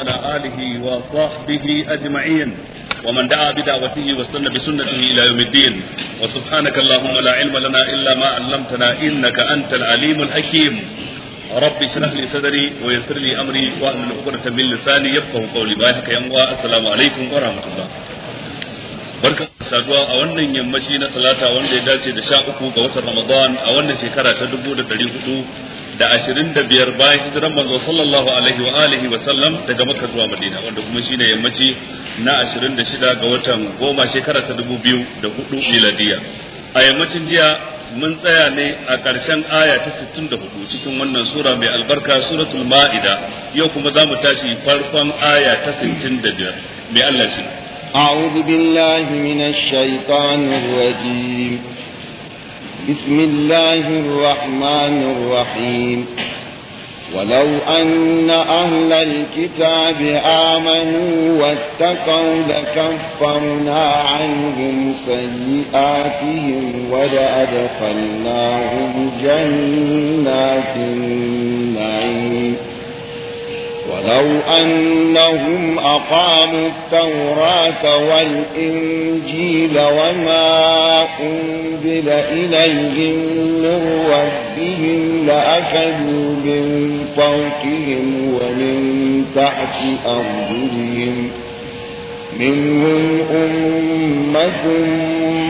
وعلى آله وصحبه أجمعين ومن دعا بدعوته واستنى بسنته إلى يوم الدين وسبحانك اللهم لا علم لنا إلا ما علمتنا إنك أنت العليم الحكيم رب اشرح لي صدري ويسر لي أمري وأن عقدة من لساني يفقه قولي بارك يا السلام عليكم ورحمة الله barka saduwa a wannan yammaci na talata wanda ya dace da sha uku ga watan ramadan a wannan shekara ta dubu da ɗari hudu da ashirin da biyar bayan hijiran manzo sallallahu alaihi wa alihi wa sallam daga makka zuwa madina wanda kuma shine yammaci na ashirin da shida ga watan goma shekara ta dubu biyu da hudu miladiya a yammacin jiya mun tsaya ne a ƙarshen aya ta sittin da hudu cikin wannan sura mai albarka suratul ma'ida yau kuma za mu tashi farkon aya ta sittin da biyar mai allah shi أعوذ بالله من الشيطان الرجيم بسم الله الرحمن الرحيم ولو أن أهل الكتاب آمنوا واتقوا لكفرنا عنهم سيئاتهم ولأدخلناهم جنات النعيم ولو أنهم أقاموا التوراة والإنجيل وما أنزل إليهم من ربهم لأخذوا من فوقهم ومن تحت أرجلهم منهم أمة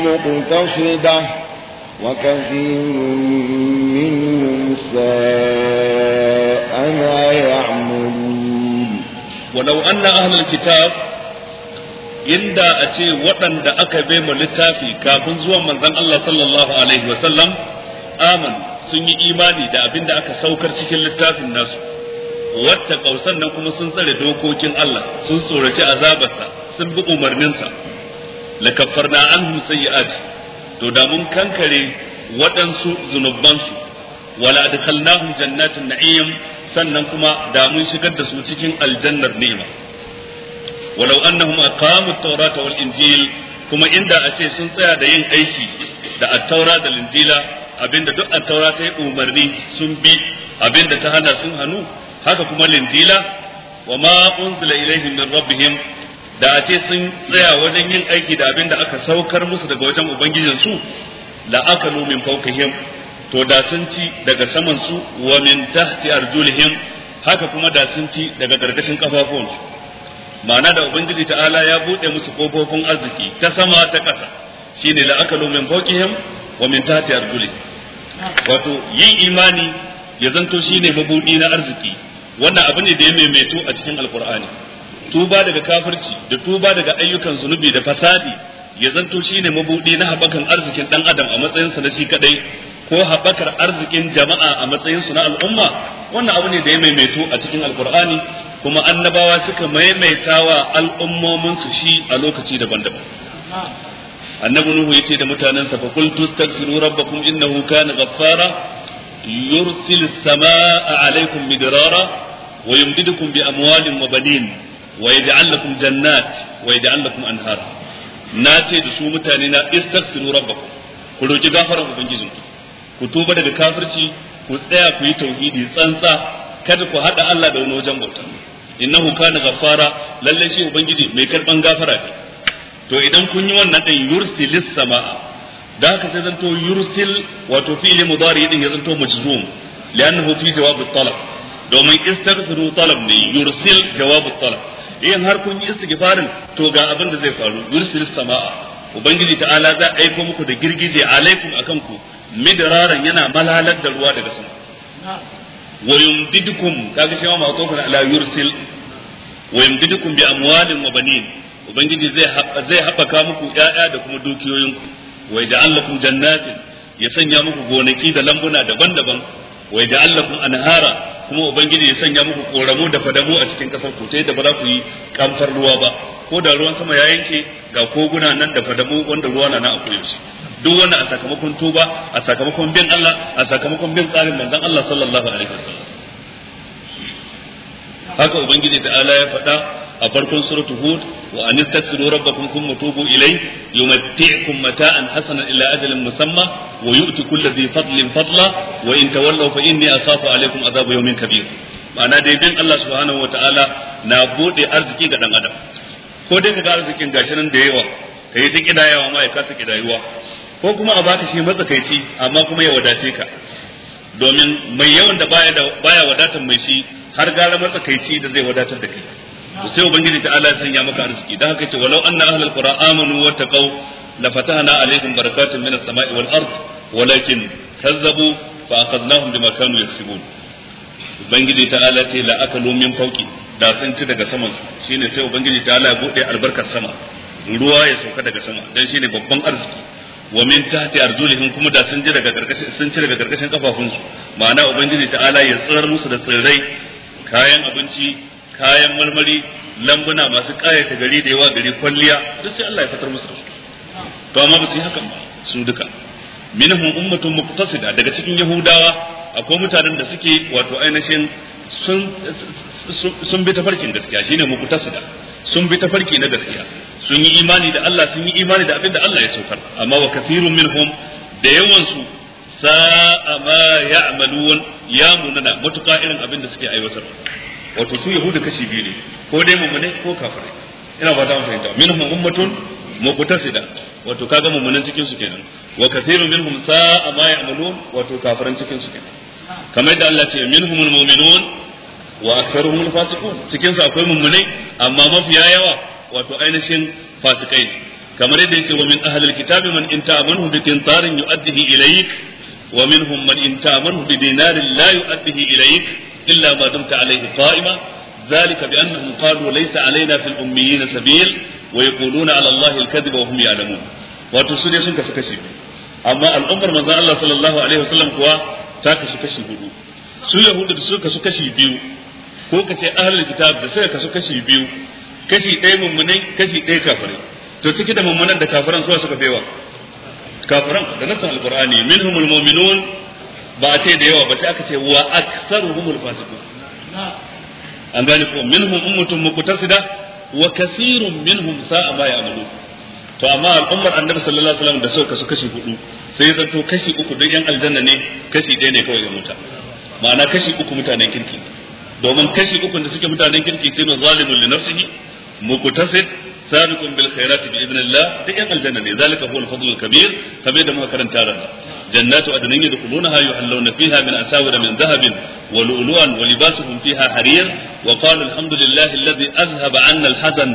مقتصدة وكثير منهم ساء ما يعملون walau anna ahlul kitab inda a ce waɗanda aka bai mu littafi kafin zuwan manzon Allah sallallahu alaihi wa sallam aman sun yi imani da abinda aka saukar cikin littafin nasu wata kausan nan kuma sun tsare dokokin Allah sun tsoraci azabarsa sun bi umarninsa la kaffarna anhum sayyi'ati to da mun kankare waɗansu zunubansu wala adkhalnahum jannatin na'im sannan kuma da mun shigar da su cikin aljannar nema. walau annahum aqamu at-taurata wal injil kuma inda a ce sun tsaya da yin aiki da at-taura da injila abinda duk at-taura ta yi umarni sun bi abinda ta hana sun hanu haka kuma linjila wa ma unzila ilaihim min rabbihim da a ce sun tsaya wajen yin aiki da abinda aka saukar musu daga wajen ubangijinsu la akalu min fawqihim to da sun ci daga saman su wa min tahti arjulihim haka kuma da sun ci daga gargashin su ma'ana da ubangiji ta'ala ya bude musu kofofin arziki ta sama ta ƙasa shine la'akalu min fawqihim wa min tahti arjulihim wato yin imani ya zanto shine mabudi na arziki wannan abu ne da ya maimaito a cikin alqur'ani tuba daga kafirci da tuba daga ayyukan zunubi da fasadi ya zanto shine mabudi na haɓakan arzikin dan adam a matsayinsa na shi kadai ko haɓakar arzikin jama'a a matsayinsu na al'umma wannan abu ne da ya maimaito a cikin alkur'ani kuma annabawa suka maimaita wa al'ummominsu shi a lokaci daban-daban annabi nuhu yace da mutanensa fa qul tastaghfiru rabbakum innahu kana ghaffara yursil samaa alaykum midrara wa yumdidukum bi amwalin wa banin wa yaj'al lakum jannat wa yaj'al lakum Na nace da su mutane na istaghfiru rabbakum ku roki gafaran ubangijinku ku tuba daga kafirci ku tsaya ku yi tauhidi tsantsa kada ku hada Allah da wani wajen bauta innahu kana ghaffara lalle shi ubangiji mai karban gafara ne to idan kun yi wannan din yursilis samaa da haka sai zanto yursil wato fi'li mudari din ya zanto majzum li'annahu fi jawab at-talab domin istaghfiru talab ne yursil jawab at-talab in har kun yi istighfarin to ga abin da zai faru yursil samaa ubangiji ta'ala za aiko muku da girgije alaikum akan ku midraran yana malalar da ruwa daga sama wa yumdidukum kaga shi ma kana ala yursil wa yumdidukum bi amwalin wa banin ubangiji zai zai haɓaka muku yaya da kuma dukiyoyinku wa yaj'al lakum jannatin ya sanya muku gonaki da lambuna daban-daban wa yaj'al lakum anhara kuma ubangiji ya sanya muku koramu da fadamu a cikin kasar ku da ba za ku yi kamfar ruwa ba ko da ruwan sama ya yanke ga koguna nan da fadamu wanda ruwa na na akwai shi duk wannan a sakamakon tuba a sakamakon bin Allah a sakamakon bin tsarin manzon Allah sallallahu alaihi wasallam haka ubangiji ta'ala ya faɗa a farkon suratul hud wa an istaghfiru rabbakum thumma tubu ilay yumatti'kum mata'an hasanan ila ajalin musamma wa yu'ti kulli dhi fadlin fadla wa in tawallaw fa inni akhafu alaykum adhab yawmin kabir ma'ana dai bin Allah subhanahu wa ta'ala na bude arziki ga dan adam ko dai kaga arzikin gashi nan da yawa kai ta kidayawa ma ya kasa kidayuwa ko kuma a baka shi matsakaici amma kuma ya wadace ka domin mai yawan da baya da wadatar mai shi har gara matsakaici da zai wadatar da kai sai ubangiji ta Allah sanya maka arziki dan haka ce walau anna ahlul qura amanu wa taqaw la fatahna alaihim barakatun minas sama'i wal ard walakin kazzabu fa akhadnahum bima kanu yaksibun ubangiji ta Allah ce la akalu min fawqi da sun ci daga saman su shine sai ubangiji ta Allah ya bude albarkar sama ruwa ya sauka daga sama dan shine babban arziki wa min tahti arjulihim kuma da sun ji daga karkashin sun ci daga karkashin kafafunsu ma'ana ubangiji ta'ala ya tsirar musu da tsirrai kayan abinci kayan marmari lambuna masu kayata gari da yawa gari kwalliya duk sai Allah ya fitar musu da su to amma ba su yi hakan ba su duka minhum ummatun muqtasida daga cikin yahudawa akwai mutanen da suke wato ainihin sun sun bi farkin gaskiya shine muqtasida sun bi tafarki na gaskiya sun yi imani da Allah sun yi imani da abin da Allah ya saukar amma wa kathirun minhum da yawan su sa'a ma ya'malun ya munana matuƙa irin abin da suke aiwatar wato su yahudu kashi biyu ne ko dai mummune ko kafirai ina fata mun fahimta minhum ummatun muqtasida wato kaga mummunan cikin su kenan wa kathirun minhum sa'a ma ya'malun wato kafiran cikin su kenan kamar da Allah ya ce minhumul mu'minun wa aktharuhum fasiqun cikin su akwai mummunai amma mafiya yawa wato ainihin fasikai kamar yadda yace wa min ahlil kitabi man in ta'amanu bi qintarin yu'addihi ilayk wa minhum man in ta'amanu bi dinarin la yu'addihi ilayk illa ma dumta alayhi qa'ima ذلك بأنهم قالوا ليس علينا في الأميين سبيل ويقولون على الله الكذب وهم يعلمون wato su ne sun kashi amma al'ummar manzon Allah sallallahu alaihi wasallam kuwa ta kasu kashi hudu su da su kashi biyu ko ka ce ahlul kitab da sai ka su kashi biyu kashi ɗaya mummunai kashi ɗaya kafirai to ciki da mummunan da kafiran suwa suka bewa kafiran da nasan alqur'ani minhumul mu'minun ba a ce da yawa ba sai aka ce wa aktsaruhumul fasiqun an gane ko minhum ummatun muqtasida wa kathirun minhum sa'a ma ya'malun to amma al'ummar annabi sallallahu alaihi wasallam da sauka su kashi hudu sai ya zanto kashi uku don yan aljanna ne kashi ɗaya ne kawai ga mutane ma'ana kashi uku mutanen kirki domin kashi ukun da suke mutanen kirki sai na zalimun li nafsihi muqtasid sabiqun bil khairati bi idnillah da yan aljanna ne zalika huwa al-fadl al-kabir kamar da muka karanta da jannatu adnan yadkhulunaha yuhallawna fiha min asawir min dhahabin wa lu'lu'an wa libasuhum fiha harir wa qala alhamdulillahi alladhi adhhaba 'anna al-hadan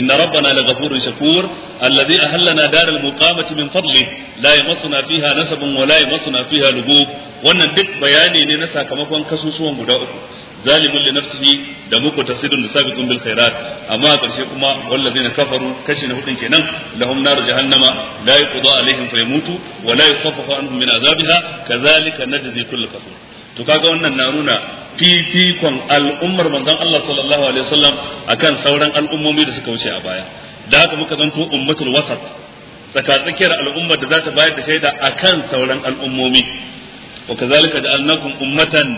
إن ربنا لغفور شكور الذي أهلنا دار المقامة من فضله لا يمسنا فيها نسب ولا يمسنا فيها لغوب وأن الدك بياني لنسى كما كان كسوسوا مداؤكم zalimun li nafsihi da muku tasirin da sabiqun bil khairat amma a karshe kuma wallazina kafaru kashi na hudun kenan lahum nar jahannama la yuqda alaihim fayamutu wa la yukhaffafu anhum min azabiha kadhalika najzi kull kafur to kaga wannan na nuna fifikon al'ummar manzon Allah sallallahu alaihi wasallam akan sauran al'ummomi da suka wuce a baya da haka muka zanto ummatul wasat tsakatsakiyar al'ummar da za ta bayar da shaida akan sauran al'ummomi wa kazalika ja'alnakum ummatan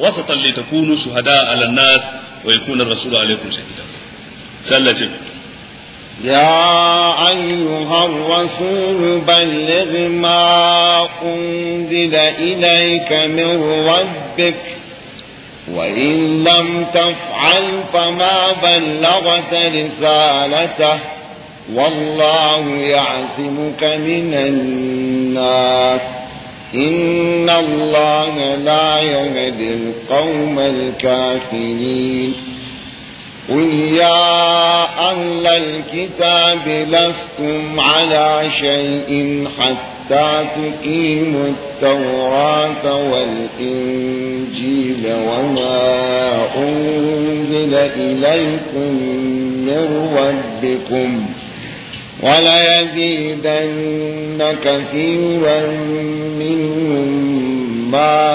وسطا لتكونوا شهداء على الناس ويكون الرسول عليكم شهيدا سلسل يا أيها الرسول بلغ ما أنزل إليك من ربك وإن لم تفعل فما بلغت رسالته والله يعصمك من الناس إن الله لا يهدي القوم الكافرين قل يا أهل الكتاب لستم على شيء حتى تقيموا التوراة والإنجيل وما أنزل إليكم من ربكم وليزيدن كثيرا منهم ما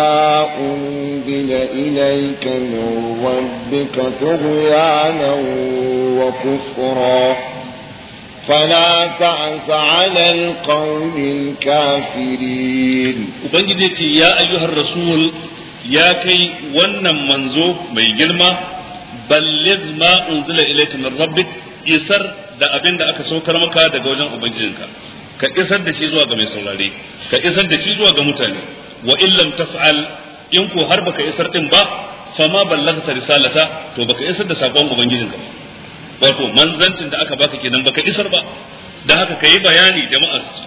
أنزل إليك من ربك طغيانا وكفرا فلا تعس على القوم الكافرين وبنجدتي يا أيها الرسول يا كي ونم منزو مي جلمة بلغ ما أنزل إليك من ربك يسر da abin da aka saukar maka daga wajen ubangijinka ka isar da shi zuwa ga mai saurare ka isar da shi zuwa ga mutane wa illam taf'al in ko har baka isar din ba fama ballagta risalata to baka isar da sakon ubangijinka wato manzancin da aka baka kenan baka isar ba Da haka kai bayani jama'a su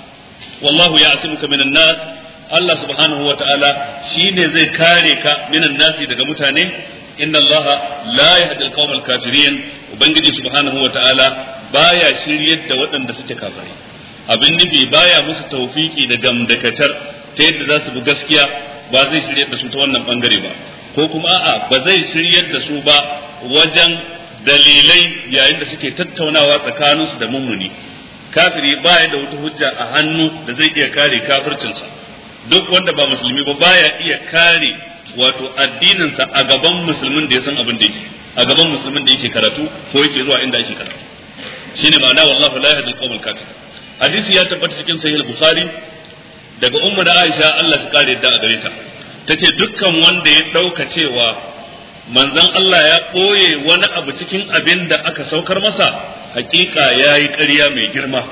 wallahu ya'timuka minan nas Allah subhanahu wa ta'ala shi ne zai kare ka minan nasi daga mutane inna allaha la yahdi al-qawmal kafirin ubangiji subhanahu wa ta'ala baya shiryar da waɗanda suke kafirai abin nufi baya musu taufiki da gamdakatar ta yadda za su bi gaskiya ba zai shiryar da su ta wannan bangare ba ko kuma a'a ba zai shiryar da su ba wajen dalilai yayin da suke tattaunawa tsakaninsu da mummuni kafiri baya da wata hujja a hannu da zai iya kare kafircinsa duk wanda ba musulmi ba baya iya kare wato addininsa a gaban musulmin da ya san abin da yake a gaban musulmin da yake karatu ko yake zuwa inda yake karatu shine ma'ana wallahu la yahdi al-qawm al-kafir hadisi ya tabbata cikin sahih al-bukhari daga ummu da aisha Allah ya kare da gare ta tace dukkan wanda ya dauka cewa manzon Allah ya koye wani abu cikin abin da aka saukar masa hakika yayi ƙarya mai girma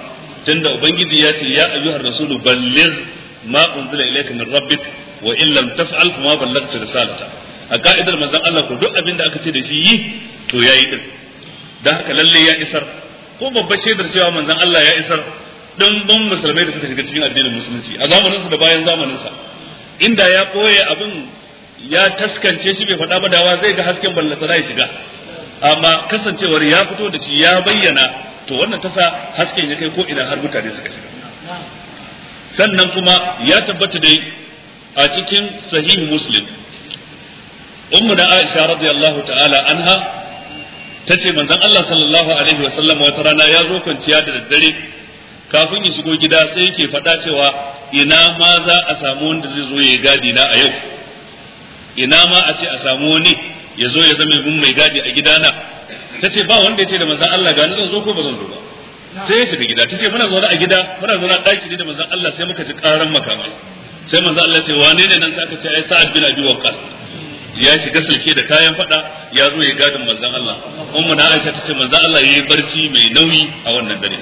tunda ubangiji ya ce ya ayyuhar rasulu balligh ma unzila ilayka min rabbik wa in lam taf'al fama ballaghta risalata a ka'idar manzon Allah ko duk abin da aka ce da shi yi to yayi din dan haka lalle ya isar ko babbar shaidar cewa manzon Allah ya isar ban musulmai da suka shiga cikin addinin musulunci a zamanin sa da bayan zamanin sa inda ya koye abin ya taskance shi bai faɗa ba dawa zai ga hasken ballata ya shiga amma kasancewar ya fito da shi ya bayyana to wannan tasa hasken ya kai ko ina har mutane suka shiga sannan kuma ya tabbata dai a cikin sahih muslim ummu da aisha radiyallahu ta'ala anha Ta tace manzon Allah sallallahu alaihi wa sallam wata rana ya zo kwanciya da daddare kafin ya shigo gida sai yake faɗa cewa ina ma za a samu wanda zai zo ya yi gadi na a yau ina ma a ce a samu wani ya zo ya zama mun mai gadi a gidana ta ce ba wanda ya ce da manzan Allah ga zan zo ko ba zan zo ba sai ya shiga gida ta ce muna zaune a gida muna zaune a ɗaki ne da manzan Allah sai muka ji ƙaran makamai sai manzan Allah ce wane ne nan sai aka ce ai sa'ad bin abi waqqas ya shiga sulke da kayan fada ya zo ya gadin manzon Allah ummu na Aisha tace manzon Allah yayi barci mai nauyi a wannan dare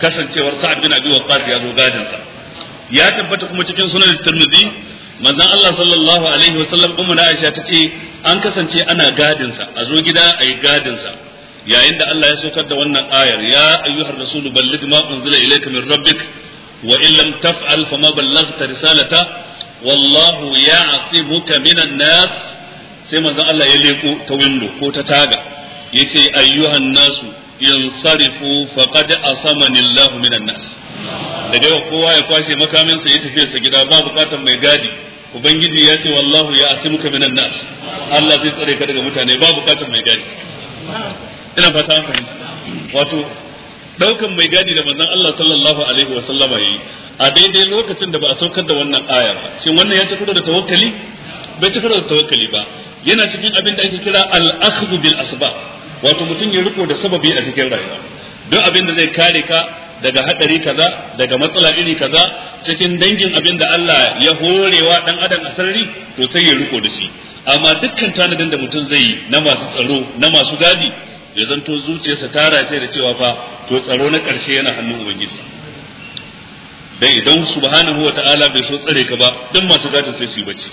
kasancewar Sa'ad bin Abi Waqqas ya zo gadin sa ya tabbata kuma cikin sunan Tirmidhi manzon Allah sallallahu alaihi wasallam ummu na Aisha tace an kasance ana gadin sa a zo gida ayi gadin sa yayin da Allah ya saukar da wannan ayar ya ayyuhar rasulu balligh ma unzila ilayka min rabbik wa in lam taf'al fama ballaghta risalata wallahu ya'simuka minan nas sai manzon Allah ya leko ta window ko ta taga yace ayyuhan nasu yansarifu faqad asamani Allahu minan nas da dai kowa ya kwashe makamin sa ya tafi sa gida ba bukatar mai gadi ubangiji ya ce wallahu ya asimuka minan nas Allah zai tsare ka daga mutane ba bukatar mai gadi ina fata an fahimta wato daukan mai gadi da manzon Allah sallallahu alaihi wa sallama yi a daidai lokacin da ba a saukar da wannan aya ba shin wannan ya ci da tawakkali bai ci da tawakkali ba yana cikin abin da ake kira al-akhdhu bil asbab wato mutum ya riko da sababi a cikin rayuwa duk abin da zai kare ka daga hadari kaza daga matsala iri kaza cikin dangin abin da Allah ya horewa dan adam a sarari to sai ya riko da shi amma dukkan tanadin da mutum zai yi na masu tsaro na masu gadi ya zanto zuciyarsa ta rataye da cewa fa to tsaro na karshe yana hannun ubangiji dan idan subhanahu wataala bai so tsare ka ba dan masu gadin sai su yi bacci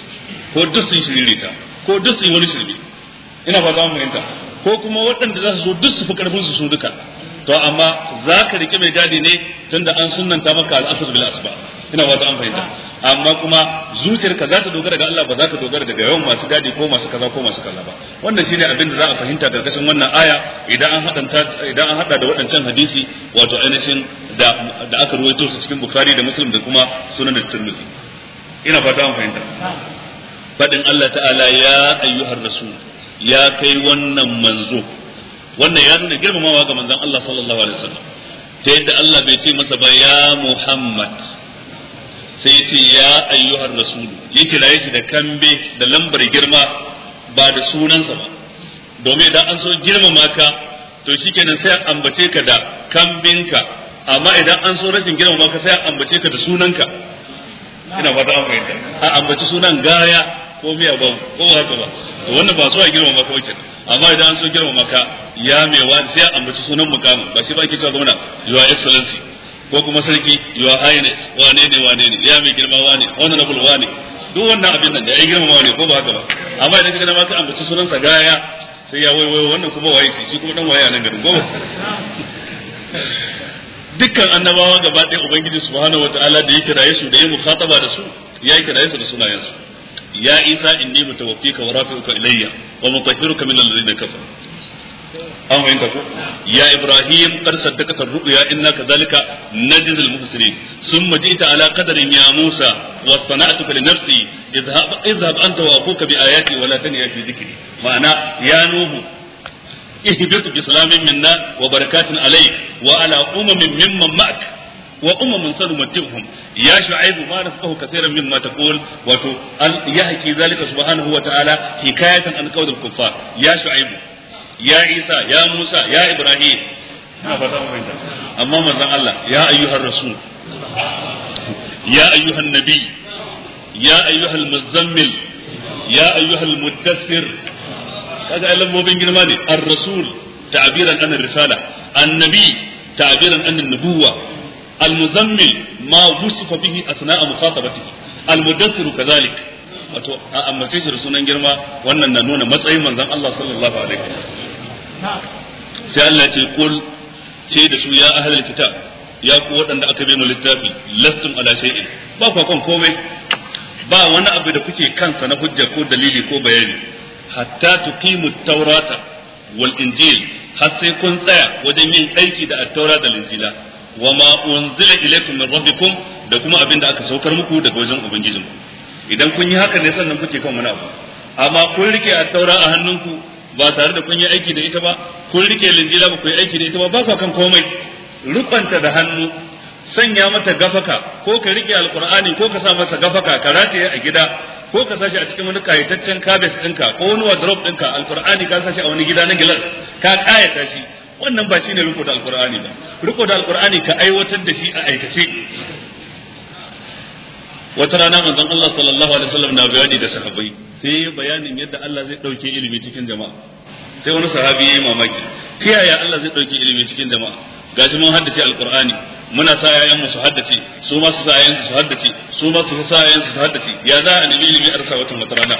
ko duk sun shiririta ko duk su yi wani shirbi, ina ba za mu fahimta ko kuma waɗanda za su zo duk su fi karfin su su duka to amma za ka riƙe mai gadi ne tunda an sunanta maka al'asar bil asba ina za mu fahimta amma kuma zuciyarka za ta dogara ga Allah ba za ka dogara daga yawan masu gadi ko masu kaza ko masu kaza ba wannan shine abin da za a fahimta gargashin wannan aya idan an hadanta idan an hada da waɗancan hadisi wato ainihin da da aka ruwaito su cikin Bukhari da Muslim da kuma Sunan da Tirmidhi ina fata an fahimta fadin Allah ta'ala ya ayyuhar rasul ya kai wannan manzo wannan ya nuna girmamawa ga manzon Allah sallallahu alaihi wasallam ta yadda Allah bai ce masa ba ya Muhammad sai ya ce ya ayyuhar rasul ya kira shi da kambe da lambar girma ba da sunansa ba domin idan an so girmama ka to shikenan sai an ambace ka da kambinka amma idan an so rashin girmama ka sai an ambace ka da sunanka ina fata an fahimta a ambaci sunan gaya ko miya ba ko ba haka ba to wannan ba so a girma maka wace amma idan an so girmama maka ya mewa sai a ambaci sunan mukamin ba shi ba ke cewa gwamna your excellency ko kuma sarki your highness wane ne wane ne ya mai girma wane honorable wane duk wannan abin nan da ya girma wane ko ba haka ba amma idan kaga ma ka ambaci sunan sa gaya sai ya waiwai wannan kuma waye shi kuma dan waye nan garin goma dukkan annabawa gaba ɗaya ubangiji subhanahu wataala da yake kiraye su da yake mukhataba da su ya kiraye su da sunayen su ya isa inni mutawaffika wa rafi'uka ilayya wa mutahhiruka min alladhina kafaru an fahimta ko ya ibrahim qad saddaqaka ar-ru'ya inna kadhalika najzi al-muhsinin thumma ji'ta ala qadarin ya musa wa sana'tuka li nafsi idhhab idhhab anta wa aquka bi a wa la tanhiya fi dhikri ma'ana ya nuhu ihbit bi minna wa barakatin alayk wa ala mimman wa ummun sanumatihum ya shu'aibu ma na nafqahu min mata taqul wato ya haki zalika subhanahu wa ta'ala hikayatan an qawl al-kuffar ya shu'aibu ya isa ya musa ya ibrahim na mu amma manzon Allah ya ayyuhar rasul ya ayyuhan nabi ya ayyuhal muzammil ya ayyuhal muddathir kaga ai lambobin girma ne ar-rasul ta'biran an risala annabi ta'biran an nubuwa al-muzammil ma wusifa bihi asna'a mukhatabatihi al wato a ambace shi da sunan girma wannan na nuna matsayin manzon Allah sallallahu alaihi wasallam sai Allah ya ce kul ce da su ya ahlul kitab ya ku waɗanda aka bi mu littafi lastum ala shay'in ba ku kan komai ba wani abu da kuke kansa na hujja ko dalili ko bayani hatta tuqimu taurata wal injil har sai kun tsaya wajen yin aiki da at-taura da injila wa ma unzila ilaykum min rabbikum da kuma abinda aka saukar muku daga wajen ubangijin idan kun yi haka ne sannan kuke kan wani abu amma kun rike a taura a hannunku ba tare da kun yi aiki da ita ba kun rike linjila ba kun yi aiki da ita ba ba ku kan komai rubanta da hannu sanya mata gafaka ko ka rike alqur'ani ko ka sa masa gafaka ka rataye a gida ko ka sashi a cikin wani kayataccen kabes dinka ko wani wardrobe ɗinka alqur'ani ka sashi a wani gida na gilas ka kayata shi wannan ba shine riko da alqur'ani ba riko da alqur'ani ka aiwatar da shi a aikace wata rana manzon Allah sallallahu alaihi wasallam na bayani da sahabbai sai bayanin yadda Allah zai dauke ilimi cikin jama'a sai wani sahabi ya yi mamaki ta yaya Allah zai dauke ilimi cikin jama'a gashi mun haddace alqur'ani muna sa yayan mu su haddace su ma su sa yayan su haddace su ma su sa yayan su haddace ya za a nabi ilimi arsa watan wata rana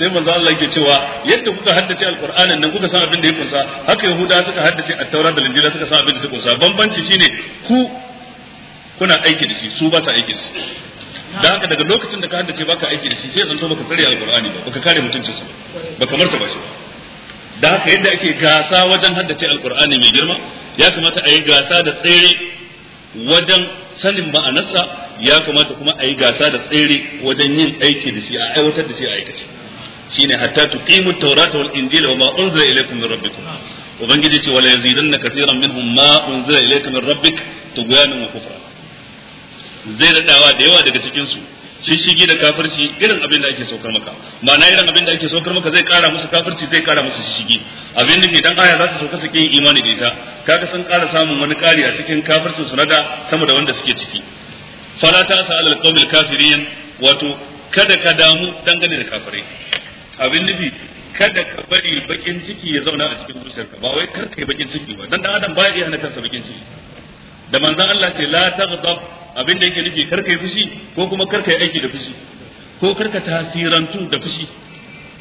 sai manzo Allah yake cewa yadda kuka haddace alqur'anin nan kuka san abin da ya kunsa haka yahuda suka haddace at-taurat da injila suka san abin da ta kunsa bambanci shine ku kuna aiki da shi su ba sa aiki da shi dan haka daga lokacin da ka haddace baka aiki da shi sai zanto baka tsare alqur'ani ba baka kare mutuncin sa ba kamar ta ba shi da haka yadda ake gasa wajen haddace alqur'ani mai girma ya kamata a yi gasa da tsere wajen sanin ma'anarsa ya kamata kuma a yi gasa da tsere wajen yin aiki da shi a aiwatar da shi a aikace shine hatta tuqimu tawrata wal injila wa ma unzila ilaykum min rabbikum ubangiji ce wala yazidanna katiran minhum ma unzila ilaykum min rabbik tughyanan wa kufra zai dawa da yawa daga cikin su shishigi da kafirci irin abin da ake saukar maka ma'ana irin abin da ake saukar maka zai kara musu kafirci zai kara musu shishigi abin da ke dan aya za su sauka su yin imani da ita kaga sun kara samun wani kari a cikin kafircin su nada sama da wanda suke ciki fala ta sa alal qawmil kafirin wato kada ka damu dangane da kafirai abin nufi kada ka bari bakin ciki ya zauna a cikin zuciyarka ba wai kar kai bakin ciki ba dan dan adam baya iya hana kansa bakin ciki da manzon Allah ce la taghdab abin da yake nufi kar kai fushi ko kuma kar kai aiki da fushi ko kar ka tasirantu da fushi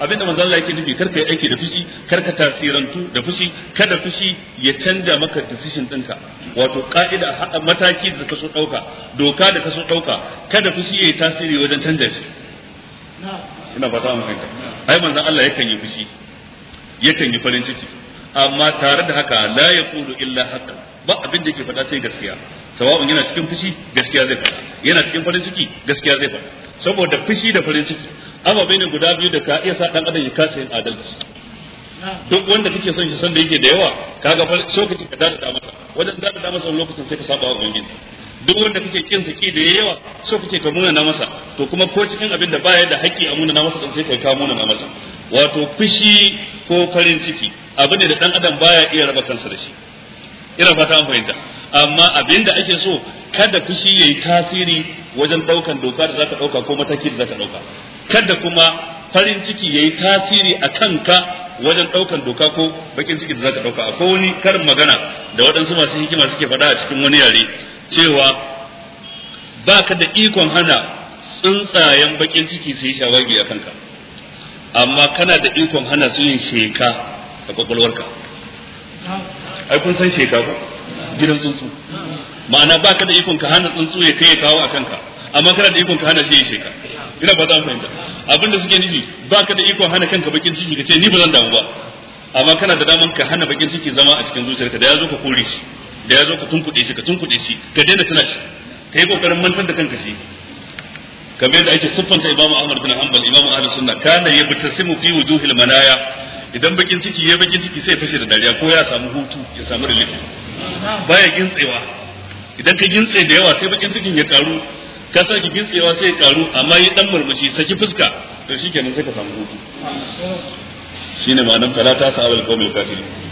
abin da manzon Allah yake nufi kar yi aiki da fushi kar ka tasirantu da fushi kada fushi ya canja maka decision ɗinka wato ka'ida haɗa mataki da ka so ɗauka doka da ka so ɗauka kada fushi ya yi tasiri wajen canja shi ina fata mu fahimta ai manzon Allah yakan yi fushi yakan yi farin ciki amma tare da haka la ya kudu illa haka ba abin da yake faɗa sai gaskiya sawa'un yana cikin fushi gaskiya zai faɗa yana cikin farin ciki gaskiya zai faɗa saboda fushi da farin ciki amma bai ne guda biyu da ka iya sa dan adam ya kasa yin adalci duk wanda kake son shi san da yake da yawa kaga so kace ka dada masa wajen dada masa lokacin sai ka saba wa ubangiji duk wanda kake kin saki da yawa so kake ka muna na masa to kuma ko cikin abin da baya da haƙƙi a muna na masa sai kai ka muna na masa wato fushi ko farin ciki abu ne da dan adam baya iya raba kansa da shi ina fata an fahimta amma abin da ake so kada fushi yayi tasiri wajen daukan doka da zaka dauka ko mataki da zaka dauka kada kuma farin ciki yayi tasiri a kanka wajen daukan doka ko bakin ciki da zaka dauka akwai wani karin magana da waɗansu masu hikima suke faɗa a cikin wani yare cewa ba ka da ikon hana tsuntsayen bakin ciki su yi shawagi a kanka amma kana da ikon hana su yin sheka a kwakwalwarka ai kun san sheka ba gidan tsuntsu ma'ana ba ka da ikon ka hana tsuntsu ya kai kawo a kanka amma kana da ikon ka hana shi sheka ina ba za mu fahimta abinda suke nufi ba ka da ikon hana kanka bakin ciki ka ce ni ba zan damu ba amma kana da daman ka hana bakin ciki zama a cikin zuciyarka da ya zo ka kore shi da ya zo ka tunkuɗe shi ka tunkuɗe shi ka daina tuna shi ka yi kokarin mantar da kanka shi kamar yadda ake siffanta imamu ahmad bin hanbal imamu ahlus sunna kana yabtasimu fi wujuhil manaya idan bakin ciki ya bakin ciki sai fashe da dariya ko ya samu hutu ya samu relief baya gintsewa idan ka gintse da yawa sai bakin cikin ya karu ka saki gintsewa sai ya karu amma yi dan murmushi saki fuska to shikenan sai ka samu hutu shine ma'anar talata ta sa'al al-qawmil kafirin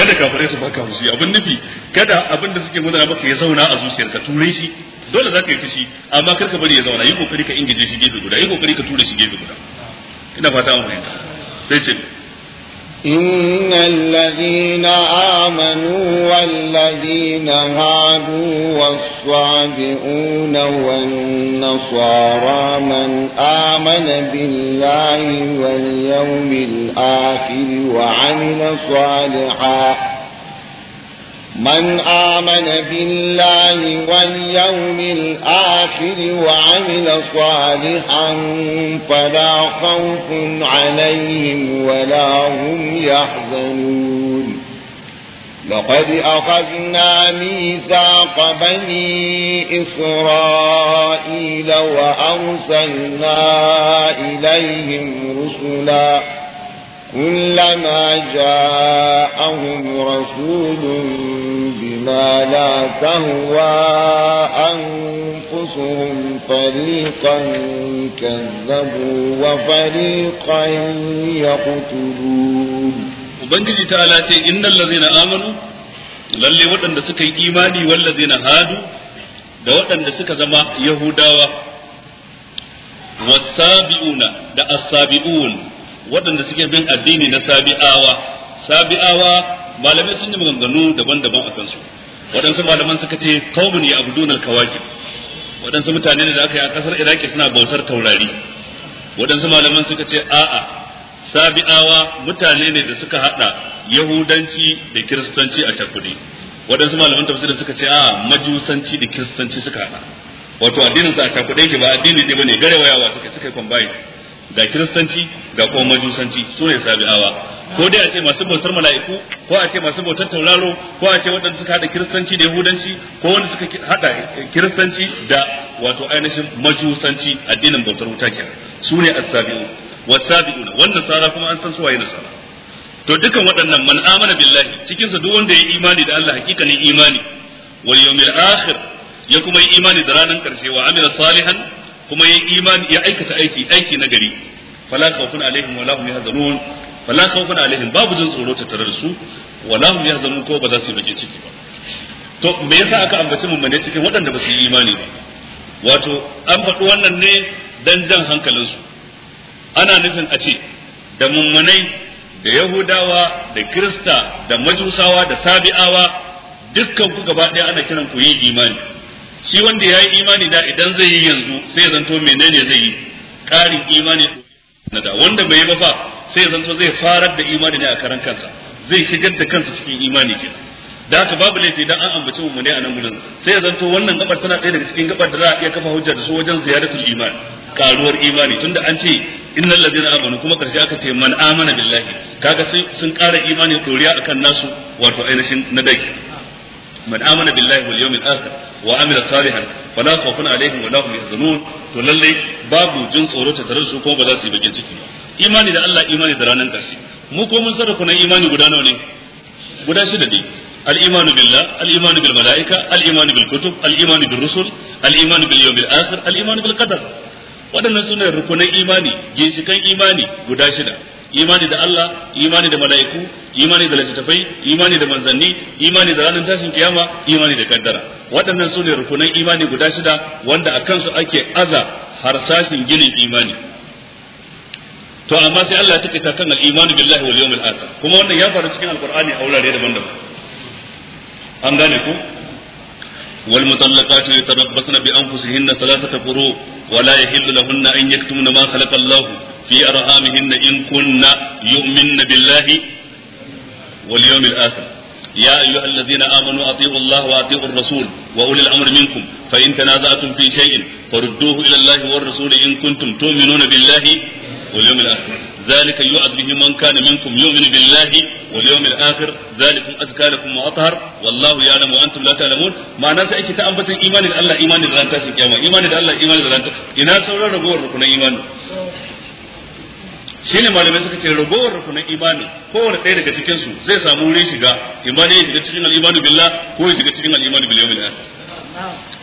kada kafirai su baka musu abin nufi kada abin da suke nuna baka ya zauna a zuciyar ka ture shi dole za ka yi fushi amma karka bari ya zauna yi kokari ka ingije shi gefe guda yi kokari ka ture shi gefe guda ina fata mu fahimta sai ce إن الذين آمنوا والذين هادوا والصابئون والنصارى من آمن بالله واليوم الآخر وعمل صالحاً من آمن بالله واليوم الآخر وعمل صالحا فلا خوف عليهم ولا هم يحزنون لقد أخذنا ميثاق بني إسرائيل وأرسلنا إليهم رسلاً كلما جاءهم رسول بما لا تهوى أنفسهم فريقا كذبوا وفريقا يقتلون وبنجي تعالى إن الذين amanu, lalle waɗanda suka yi imani wallazi na hadu da waɗanda suka zama yahudawa wasabi'una da asabi'un waɗanda suke bin addini na sabi'awa sabi'awa malamai sun yi maganganu daban-daban a kansu waɗansu malaman suka ce qaumun ya abu dunar kawaki waɗansu mutane ne da aka yi a ƙasar iraki suna bautar taurari waɗansu malaman suka ce a'a sabi'awa mutane ne da suka haɗa yahudanci da kiristanci a cakuɗe waɗansu malaman tafsirin suka ce a'a majusanci da kiristanci suka haɗa wato addinin sa a cakuɗe ke ba addini ne bane garewayawa suka suka yi combine ga kiristanci ga kuma majusanci su ne sabi'awa ko dai a ce masu bautar mala'iku ko a ce masu bautar tauraro ko a ce waɗanda suka haɗa kiristanci da yahudanci ko wanda suka haɗa kiristanci da wato ainihin majusanci addinin bautar wuta ke su ne as-sabi'u was wannan sara kuma an san su waye nasara to dukan waɗannan man amana billahi cikin su duk wanda ya imani da Allah hakikanin imani wal yawmil akhir ya kuma yi imani da ranar karshe wa amila salihan kuma ya imani ya aikata aiki aiki na gari fala khawfun alaihim wala hum yahzanun fala khawfun alaihim babu jin tsoro tattare da su wala hum yahzanun ko ba za su yi bakin ciki ba to me yasa aka ambaci mummune cikin waɗanda ba su yi imani ba wato an faɗi wannan ne dan jan su ana nufin a ce da mummunai da yahudawa da kirista da majusawa da sabi'awa dukkan ku gaba ɗaya ana kiran ku yi imani shi wanda ya yi imani da idan zai yi yanzu sai zanto menene zai yi ƙarin imani na da wanda bai yi ba fa sai zanto zai farar da imani ne a karan kansa zai shigar da kansa cikin imani ke da haka babu laifi idan an ambaci mu ne a nan gudun sai zanto wannan gabar tana ɗaya daga cikin gabar da za a iya kafa hujjar da su wajen ziyaratul imani karuwar imani tunda an ce innal ladina amanu kuma karshe aka ce man amana billahi kaga sun ƙara imani doriya akan nasu wato ainihin na dake man amana billahi wal yawmil akhir wa amila salihan fala khawfun alaihim wala hum yahzanun to lalle babu jin tsoro ta tare su ko ba za su yi bakin ciki imani da Allah imani da ranar karshe mu ko mun sarrafa na imani guda nawa ne guda shida ne Kutub, الإيمان بالله الإيمان Rusul, الإيمان بالكتب الإيمان بالرسل الإيمان باليوم الآخر الإيمان بالقدر waɗannan suna rukunan imani ginshikan imani guda shida imani da Allah imani da mala'iku imani da littattafai imani da manzanni imani da ranar tashin kiyama imani da kaddara waɗannan su rukunan imani guda shida wanda a kansu ake aza harsashin ginin imani to amma sai Allah ya tuka ta kan al'imani imanu billahi wal yawmil akhir kuma wannan ya faru cikin alqur'ani a wurare daban-daban an gane ku wal mutallaqatu yatarabbasna bi anfusihinna thalathata quru wa la yahillu lahunna an yaktumna ma khalaqa Allah fi arhamihinna in kunna yu'minna billahi wal yawmil akhir يا أيها الذين آمنوا أطيعوا الله وأطيعوا الرسول وأولي الأمر منكم فإن تنازعتم في شيء فردوه إلى الله والرسول إن كنتم تؤمنون بالله واليوم الآخر ذلك يعد به من كان منكم يؤمن بالله واليوم الآخر ذلكم أزكى لكم وأطهر والله يعلم وأنتم لا تعلمون ما ناس أيك تأمبت إيمان الله إيمان الرانتاس القيامة إيمان الله إيمان الرانتاس إنا سورة ربور ركنا إيمان ne malamai suka ce ragowar rukunan imani kowane ɗaya daga cikinsu zai samu wurin shiga imani ya shiga cikin al'imanu billah ko ya shiga cikin al'imanu bil yawmil akhir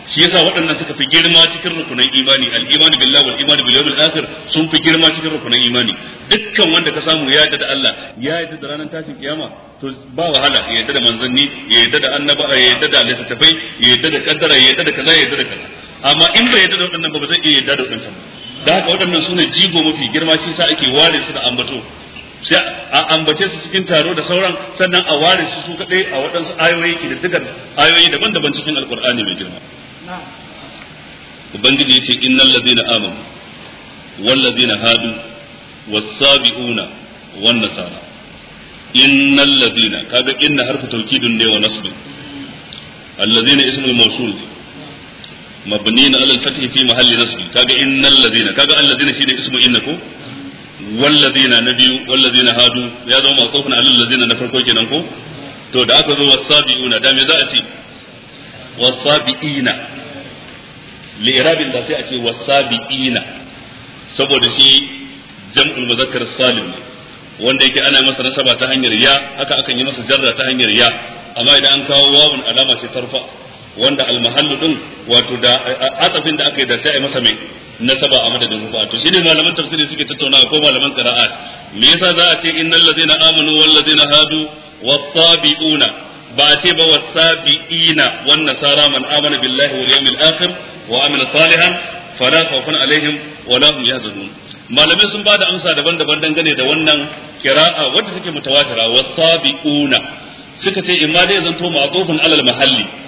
shi yasa waɗannan suka fi girma cikin rukunan imani al'imani billah wal iman bil yawmil akhir sun fi girma cikin rukunan imani dukkan wanda ka samu ya yadda da Allah ya yadda da ranar tashin kiyama to ba wahala ya yadda da manzanni ya yadda da annaba ya yadda da littattafai ya yadda da kaddara ya yadda da kaza ya yadda da kaza amma in bai yadda da waɗannan ba ba zai iya yadda da waɗannan ba da haka waɗannan suna jigo mafi girma shi sa ake ware su da ambato sai a ambace su cikin taro da sauran sannan a ware su su kaɗai a waɗansu ayoyi ke da ayoyi daban-daban cikin alkur'ani mai girma ubangiji ya ce innal ladina amanu wal ladina hadu was-sabiuna wan nasara innal ladina kaga inna harfu tawkidun ne wa nasb alladina ismul mawsul mabni na alal fathi fi mahalli nasbi kaga innal ladina kaga allazina shine ismu inna ko wallazina na biyu wallazina hadu ya zama mawqufun alal ladina na farko kenan ko to da aka zo wasabiuna da me za a ce wasabiina sai a ce wasabiina saboda shi jam'ul muzakkar salim wanda yake ana masa nasaba ta hanyar ya haka akan yi masa jarra ta hanyar ya amma idan an kawo wawun alama ce tarfa wanda almahallu din wato da asafin da aka yi da sai a masa mai nasaba a madadin rufa to shine malaman tafsiri suke tattauna ko malaman qira'at me yasa za a ce innal ladina amanu wal ladina hadu wasabi'una sabiuna ba a ce ba Wasabi'ina, sabiina wan nasara man amana billahi wal yawmil akhir wa amila salihan fala khawfun alaihim wala hum yahzanun malamai sun bada amsa daban-daban dangane da wannan kira'a wadda take mutawatira wasabi'una suka ce imma dai zanto ma'tufun alal mahalli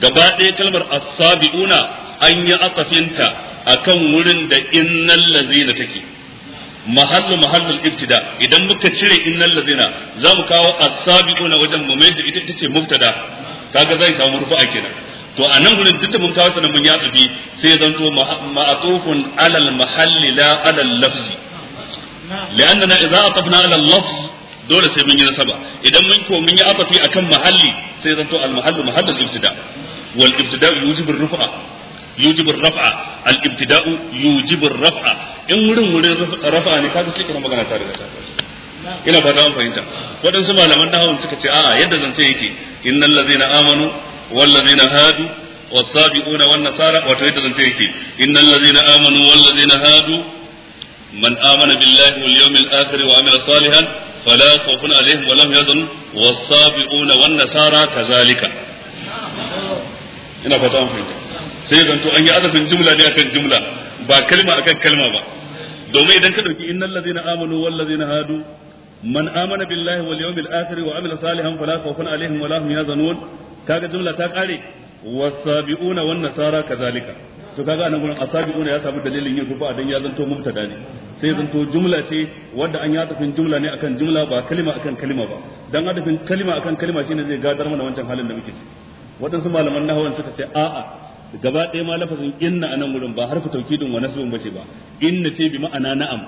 gaba ɗaya kalmar as-sabiuna an yi a kan wurin da innal ladzina take mahallu mahallul ibtida idan muka cire innal ladzina za mu kawo as-sabiuna wajen mu mai da ita ita ce mubtada kaga zai samu rufa kenan to a nan gurin duk mun kawo sanan mun ya tsafi sai ya zanto ma'atufun alal mahalli la alal lafzi لأننا إذا أطفنا على اللفظ dole sai mun yi nasaba idan mun ko mun yi afafi akan mahalli sai zanto al mahallu mahallul ibtida wal ibtida'u yujibu rufa yujibu rafa al ibtida'u yujibu rafa in wurin wurin rafa ne kaga sai kana magana tare da ta ina ba an fahimta waɗansu malaman nahawun suka ce a yadda zance yake innal ladzina amanu wal ladzina hadu was-sabiquna wan nasara wato yadda zance yake innal ladzina amanu wal ladzina hadu man amana billahi wal yawmil akhir salihan fala khawfun alaihim wa nasara kazalika ina fata an fahimta sai zanto an yi azafin jumla ne akan jumla ba kalma akan kalma ba domin idan ka dauki innal ladina amanu wal ladina hadu man amana billahi wal yawmil akhir wa amila salihan fala khawfun alaihim wala hum yazanun kaga jumla ta kare wasabiuna wan nasara kazalika to kaga anan gurin asabiuna ya samu dalilin yin rufa dan ya zanto mubtada ne sai zanto jumla ce wadda an yi tafin jumla ne akan jumla ba kalima akan kalima ba dan adafin kalima akan kalima shine zai gadar mana wancan halin da muke ciki waɗansu malaman nahawan suka ce a'a gaba ɗaya ma lafazin inna nan gudun ba harfi taukidin wa nasbin bace ba inna ce bi ma'ana na'am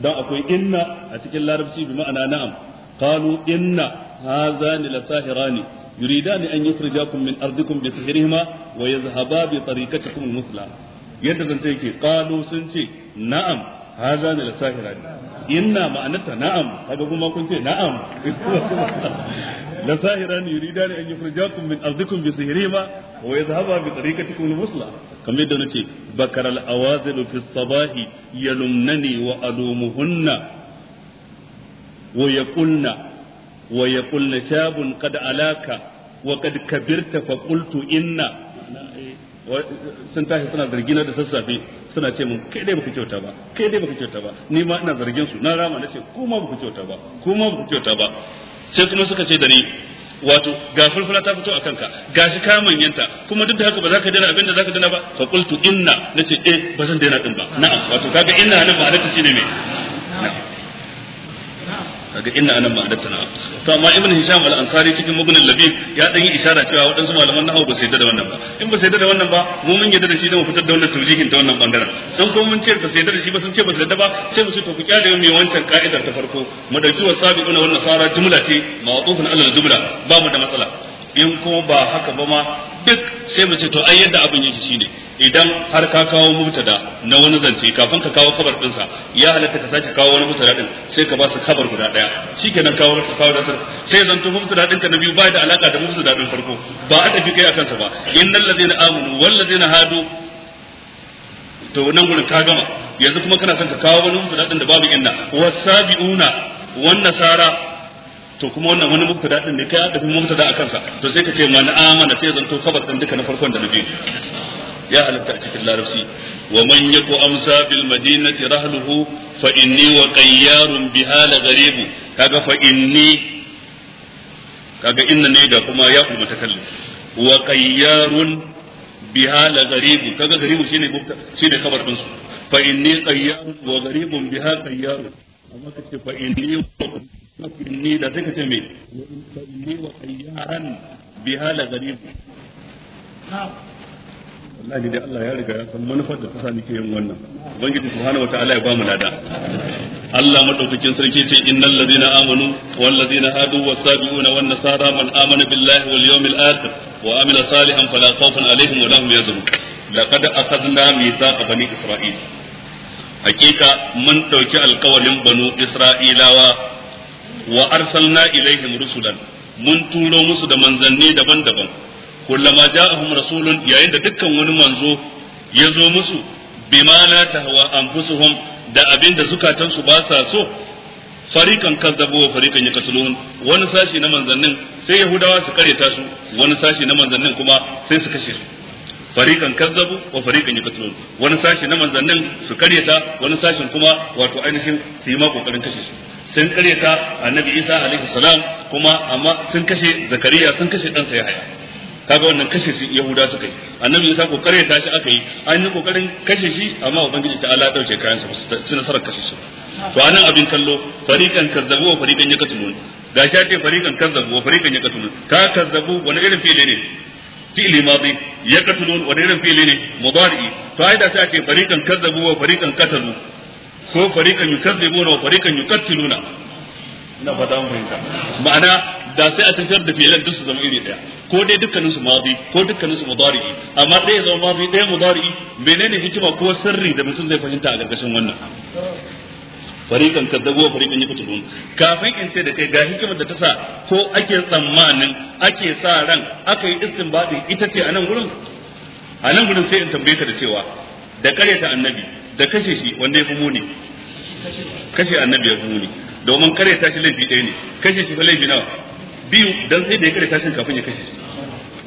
dan akwai inna a cikin larabci bi ma'ana na'am qalu inna hazani lasahirani yuridani an kun min ardikum bi sihrihima wa yadhhaba bi tariqatikum al-musla yadda zan ce yake sun ce na'am hazani lasahirani inna ma'anata na'am kaga kuma kun ce na'am la sahiran yuridan an yukhrijakum min ardikum bi sihrihima wa yadhhaba bi tariqatikum al-musla kamar yadda nace bakar al-awazil fi sabahi yalumnani wa alumuhunna wa yaqulna wa yaqulna shabun qad alaka wa qad kabirta fa qultu inna sun tashi suna zargina da sassafe suna ce mun kai dai baka kyauta ba kai dai baka kyauta ba ni ma ina zargin su na rama nace ku ma baka kyauta ba ku ma baka kyauta ba sai kuma suka ce da ni wato ga fulfula ta fito a ka gashi ka manyanta kuma duk da haka ba za ka dena abin da za ka dena ba fa qultu inna nace eh ba zan dena din ba na'am wato kaga inna nan ba halatta shine me daga inna anan ma'anar na to amma ibn hisham al ansari cikin mughnil labib ya dan yi isara cewa wadansu malaman nahawu ba su yadda da wannan ba in ba su yadda da wannan ba mu mun yadda da shi da mu fitar da wannan tawjihin ta wannan bangaren dan kuma mun ce ba su yadda da shi ba sun ce ba su yadda ba sai mu su to ku kyale mai wancan ka'idar ta farko mu dauki wasabiquna wannan sara jumla ce ma'tufun ala jumla ba mu da matsala in kuma ba haka ba ma duk sai mu ce to ai yadda abin yake shine idan har ka kawo mubtada na wani zance kafin ka kawo kabar dinsa ya halatta ka sake kawo wani mubtada din sai ka ba su kabar guda daya shikenan kawo ka kawo dinsa sai zanto mubtada din ka na biyu ba da alaka da mubtada din farko ba a tafi kai akan sa ba innal ladina amanu wal ladina hadu to nan gurin ka gama yanzu kuma kana son ka kawo wani mubtada din da babu inna wasabiuna wannan nasara to kuma wannan wani mubtada din ne kai ya dafi mubtada akan sa to sai ka ce man amana sai zanto kabar din duka na farkon da na biyu ya halatta a cikin larabci wa man yaku amsa bil madinati rahluhu fa inni wa qayyarun biha la gharib kaga fa inni kaga inna ne ga kuma ya kuma takallu wa qayyarun biha la gharib kaga gharib shine mubtada shine kabar din su fa inni qayyarun wa gharibun biha qayyarun amma ka ce fa inni wa inni da sai ka ce me fa inni wa ayyaran biha la gharib wallahi dai Allah ya riga ya san manufar da ta sa nake yin wannan ubangiji subhanahu wataala ya ba mu lada Allah madaukakin sarki ce innal ladina amanu wal ladina hadu wasabiuna wan nasara man amana billahi wal yawmil akhir wa amila salihan fala khawfun alaihim wa lahum yahzanun laqad akhadna mithaqa bani isra'ila hakika mun ɗauki alkawalin banu isra'ilawa wa arsalna ilaihim rusulan mun turo musu da manzanni daban-daban kullama ja'ahum rasulun yayin da dukkan wani manzo ya zo musu bima la tahwa anfusuhum da abinda zukatansu ba sa so farikan kazzabu wa farikan yakatulun wani sashi na manzannin sai yahudawa su kareta su wani sashi na manzannin kuma sai su kashe su fariqan kazzabu wa fariqan yaqtulun wani sashi na manzannin su karyata wani sashin kuma wato ainihin su yi ma kokarin kashe su sun karyata annabi Isa alaihi salam kuma amma sun kashe Zakariya sun kashe ɗansa ya haya. kaga wannan kashe shi Yahuda suka yi annabi Isa ko karyata shi aka yi an yi kokarin kashe shi amma ubangiji ta Allah dauke kayan sa su nasarar kashe shi to anan abin kallo fariqan kazzabu wa fariqan yaqtulun gashi ake fariqan kazzabu wa fariqan yaqtulun ka kazzabu wani irin fili ne fi'li madi ya katulun wani irin fi'li ne mudari to ai da sai a ce fariqan kazzabu wa fariqan katalu ko fariqan yukazzibuna wa fariqan yuqattiluna ina fata mun fahimta ma'ana da sai a tafiyar da fi'lan duk su zama iri daya ko dai dukkanin su madi ko dukkanin su mudari amma dai zama madi dai mudari menene hikima ko sirri da mutum zai fahimta a gargashin wannan fariqan dago farikan fariqan fitulun. kafin in ce da kai ga hikimar da ta sa ko ake tsammanin ake sa ran aka yi istinbadi ita ce a nan gurin a nan gurin sai in tambaye da cewa da ta annabi da kashe shi wanda ya fi muni kashe annabi ya fi muni domin karyata shi laifi ɗaya ne kashe shi fa laifi nawa biyu dan sai da ya karyata shi kafin ya kashe shi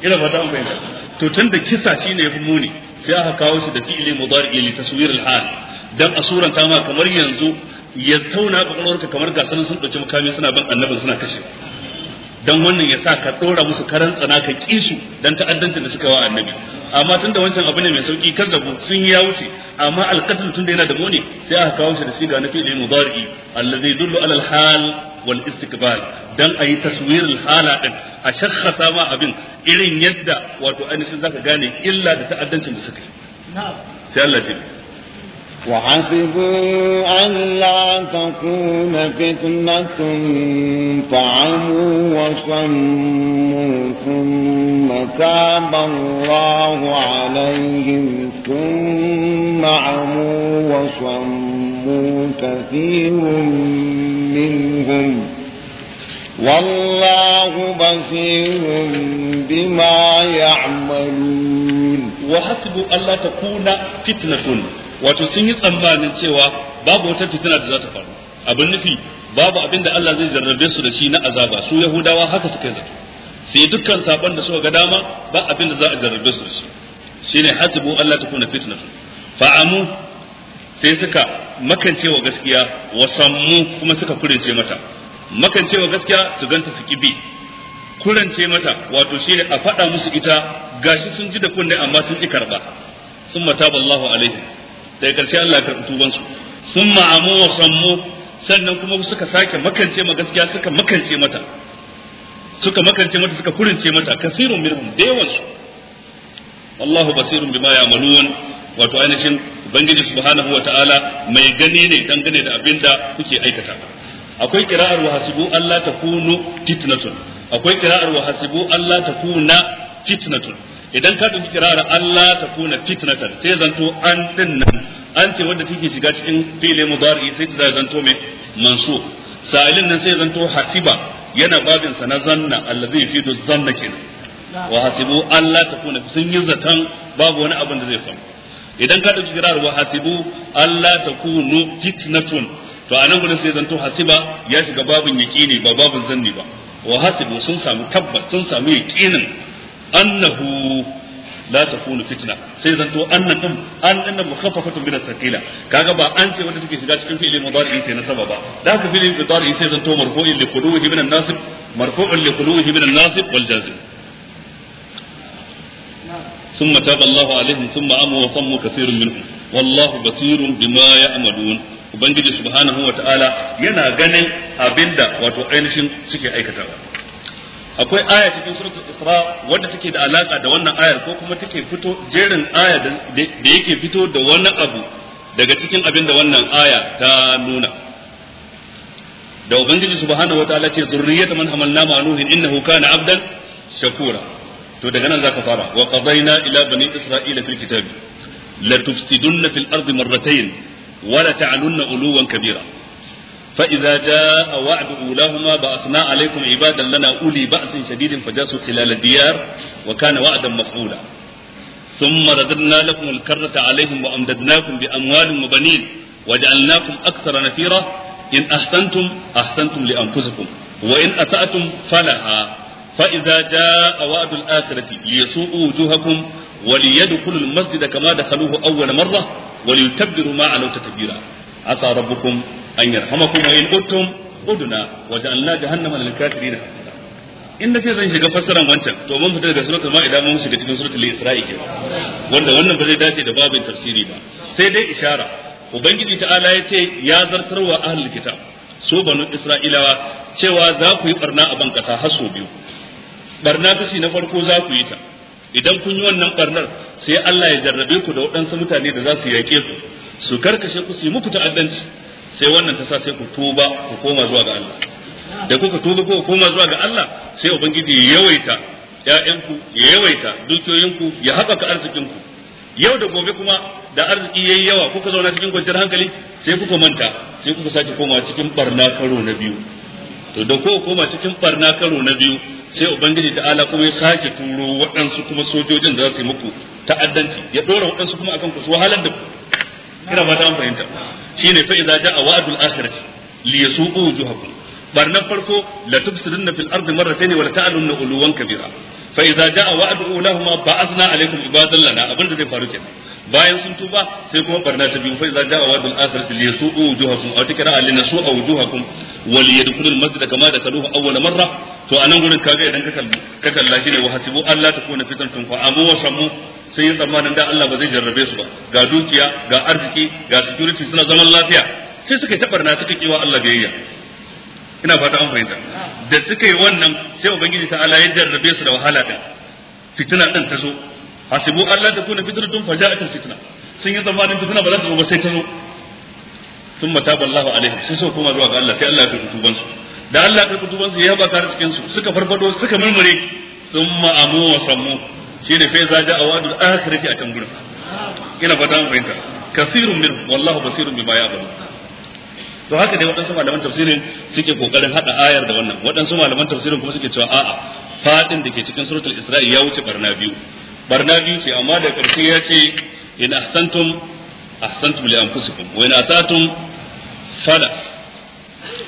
ina fata an fahimta to tun da kisa ne ya fi muni sai aka kawo shi da fi'ili mudari'i li taswir al-hal dan asuran ta ma kamar yanzu ya zauna kwakwalwarka kamar ga sanin sun ɗauki makami suna bin annabin suna kashe dan wannan ya sa ka ɗora musu karan tsana ka kisu dan ta'addancin da suka wa annabi amma tun da wancan abu ne mai sauki kazzabu sun ya wuce amma alqatl tun da yana da muni sai aka kawo shi da siga na fi'li mudari allazi dullu ala al-hal wal istiqbal dan ayi taswir al-hala din a shakhasa ma abin irin yadda wato ainihin zaka gane illa da ta'addancin da suka yi na'am sai Allah ya وحسبوا ألا تكون فتنة فعموا وصموا ثم تاب الله عليهم ثم عموا وصموا كثير منهم والله بصير بما يعملون وحسبوا ألا تكون فتنة wato sun yi tsammanin cewa babu wata fitina da za ta faru abin nufi babu abin da Allah zai jarrabe su da shi na azaba su yahudawa haka suka zato sai dukkan saban da suka ga dama ba abin da za a jarrabe su da shi shine hatibu Allah ta kuna fitnatu fa'amu sai suka makance wa gaskiya wa sammu kuma suka kurince mata makance wa gaskiya su ganta su kibi kurance mata wato shine a faɗa musu ita gashi sun ji da kunne amma sun ki karba sun mataballahu alaihi daga karshe Allah ya karɓi tuban su sun ma'amu wa sammu sannan kuma suka sake makance ma gaskiya suka makance mata suka makance mata suka kurince mata kasirun min da yawan su wallahu basirun bima ya'malun wato ainihin ubangiji subhanahu wa ta'ala mai gani ne dangane da abinda kuke aikata akwai kira'ar wa hasibu Allah takunu fitnatun akwai kira'ar wa hasibu Allah takuna fitnatun idan ka dauki kirarar Allah ta kuna fitnatan sai zanto an din nan an ce wanda take shiga cikin fili mudari sai ta zanto mai Mansu, sa'ilin nan sai zanto hasiba yana babin sa na zanna allazi yufidu zanna kenan wa hasibu Allah ta kuna sun yi zatan babu wani abin da zai faru idan ka dauki kirarar wa hasibu Allah ta kunu fitnatun to a nan gudun sai zanto hasiba ya shiga babin yaqini ba babin zanni ba wa hasibu sun samu tabbat sun samu yaƙinin annahu la takunu fitna sai zanto annan din an dinnan mukhaffafatun min as-sakila kaga ba an ce wanda take shiga cikin fi'il mudari ce na sababa da haka fi'il mudari sai zanto marfu'in li quluhi min an-nasib marfu'un li quluhi min an-nasib wal jazm ثم تاب الله عليهم ثم عموا وصموا كثير منهم والله بصير بما يعملون ubangiji subhanahu wataala yana ganin abinda wato ainihin suke aikatawa akwai aya cikin suratul isra wadda take da alaka da wannan ayar ko kuma take fito jerin aya da yake fito da wannan abu daga cikin abin da wannan aya ta nuna da ubangiji subhanahu wataala ce zurriyata man hamalna ma nuhin innahu kana abdan shakura to daga nan zaka fara wa qadayna ila bani isra'ila fil kitabi la tufsidunna fil ardi marratayn wa la ta'lunna uluwan kabira فإذا جاء وعد أولاهما بعثنا عليكم عبادا لنا أولي بأس شديد فجاسوا خلال الديار وكان وعدا مفعولا ثم رددنا لكم الكرة عليهم وأمددناكم بأموال وبنين وجعلناكم أكثر نفيرا إن أحسنتم أحسنتم لأنفسكم وإن أسأتم فلها فإذا جاء وعد الآخرة ليسوء وجوهكم وليدخلوا المسجد كما دخلوه أول مرة وليتبروا ما علوا تتبيرا asa rabbukum an yarhamakum wa in uttum uduna waja'alna jahannama in da sai zan shiga fassara wancan to mun fita daga suratul ma'ida mun shiga cikin suratul isra'i ke wanda wannan ba zai dace da babin tafsiri ba sai dai ishara ubangiji ta'ala ya ce ya zartarwa ahlul kitab su banu isra'ilawa cewa za ku yi barna a ban kasa har biyu barna kashi na farko za ku yi ta idan kun yi wannan barnar sai Allah ya jarrabe ku da waɗansu mutane da za su yaƙe ku su karkashe ku su yi muku ta'addanci sai wannan ta sa sai ku tuba ku koma zuwa ga Allah da kuka tuba ku koma zuwa ga Allah sai ubangiji ya yawaita ƴaƴanku ya yawaita dukiyoyinku ya haɓaka arzikinku yau da gobe kuma da arziki yayi yawa kuka zauna cikin kwanciyar hankali sai kuka manta sai kuka sake koma cikin barna karo na biyu to da kowa koma cikin barna karo na biyu sai ubangiji ta'ala kuma ya sake turo waɗansu kuma sojojin da za su yi muku ta'addanci ya ɗora waɗansu kuma akan ku su wahalar da ku ina ba ta an fahimta shine fa idza jaa wa'dul akhirah li yasu'u wujuhakum barnan farko la tufsidunna fil ardi marratayn wa la ta'lunna uluwan kabira fa idza jaa wa'du lahumma ba'athna alaikum ibadan lana da zai faruke. bayan sun tuba sai kuma barna ta biyu fa idza jaa wa'dul akhirati liyasu'u wujuhakum aw tikra'a linasu'a wujuhakum wa liyadkhulul masjida kama dakaluhu awwal marra to anan gurin kaga idan ka kalli ka kalla shine wa hasibu alla takuna fitnatun fa amu wa samu sai yin tsammanin da Allah ba zai jarrabe su ba ga dukiya ga arziki ga security suna zaman lafiya sai suka tabarna suka kiwa Allah biyayya ina fata an fahimta da suka yi wannan sai ubangiji ta ala ya jarrabe su da wahala din fitina din ta zo hasibu Allah ta kuna fitratun faja'atun fitna sun yi zamanin fitina ba za ta zo ba sai ta zo sun mata ballahu alaihim sai suka koma zuwa ga Allah sai Allah ya karɓi tuban su da Allah ya karɓi tuban su ya ba ta cikin su suka farfado suka murmure thumma amu wa sammu shi ne fa za ja awadul akhirati a can gurin ina fata an fahimta kasirun min wallahu basirun ya ya'malun to haka dai waɗansu malaman tafsirin suke kokarin hada ayar da wannan waɗansu malaman tafsirin kuma suke cewa a'a fadin da ke cikin suratul isra'i ya wuce barna biyu barna biyu ce amma da ƙarshe ya ce in ahsantum ahsantum li anfusikum wa in asatum fala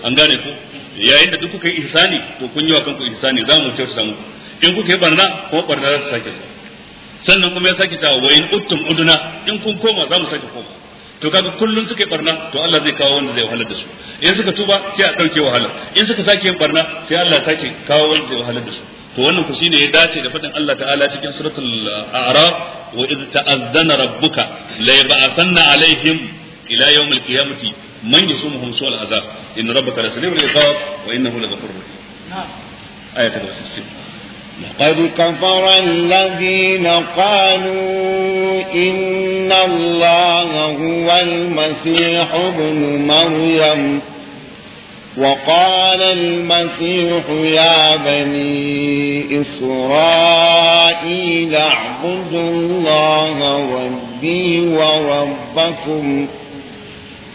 an gane ku yayin da duk kuka yi ihsani to kun yi wa kanku ihsani za mu kyautata muku in kuka yi barna kuma barna za ta sake sannan kuma ya sake cewa wa in uttum uduna in kun koma za mu sake koma to kaga kullun suka yi barna to Allah zai kawo wanda zai wahalar da su in suka tuba sai a dauke wahala in suka sake yin barna sai Allah ya sake kawo wanda zai wahalar da su to wannan ku shine ya dace da fadin Allah ta'ala cikin suratul a'raf wa iz ta'azzana rabbuka la yab'athanna alaihim ila yawmil qiyamati man yasumuhum su'al azab in rabbaka iqab wa innahu laghafurur rahim لقد كفر الذين قالوا إن الله هو المسيح ابن مريم وقال المسيح يا بني إسرائيل اعبدوا الله ربي وربكم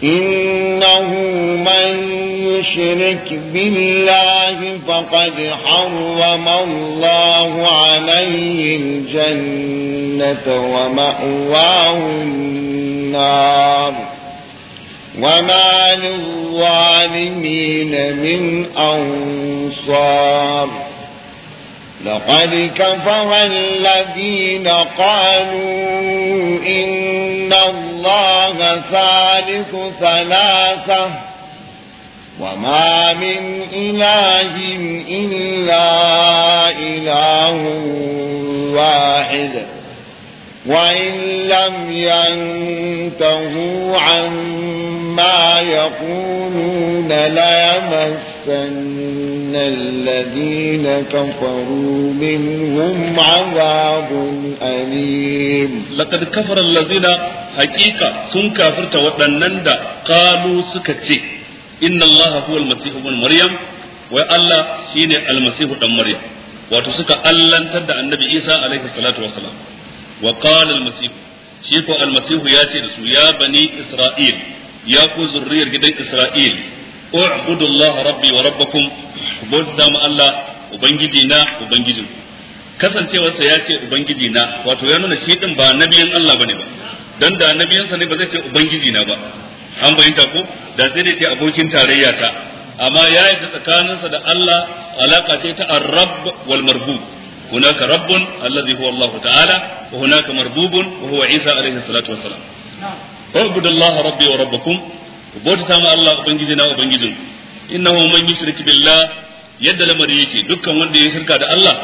إنه من يشرك بالله فقد حرم الله عليه الجنة ومأواه النار وما للظالمين من أنصار لقد كفر الذين قالوا إن الله ثالث ثلاثة وما من إله إلا إله واحد وإن لم ينتهوا عما يقولون ليمسن الذين كفروا منهم عذاب أليم لقد كفر الذين حقيقة سن كافرت وتنند قالوا سكتي إن الله هو المسيح ابن مريم وألا سين المسيح ابن مريم وتسكى ألا تد النبي إيسى عليه الصلاة والسلام wa qala al-masih shi ko al-masih ya ce da su ya bani isra'il ya ku zurriyar gidan isra'il u'budullaha rabbi wa rabbakum bauta ma Allah ubangiji na ubangijin kasancewarsa ya ce ubangiji na wato ya nuna shi din ba nabiyin Allah bane ba dan da nabiyansa ne ba zai ce ubangiji na ba an bayyanta ko da sai dai ce abokin tarayya ta amma ya yi tsakaninsa da Allah alaka ce ta ar-rabb wal marbub هناك رب الذي هو الله تعالى وهناك مربوب وهو عيسى عليه الصلاة والسلام اعبدوا الله ربي وربكم وبوتتا ما الله وبنجزنا وبنجزن إنه من يشرك بالله يد لمريك دكا وندي يشرك هذا الله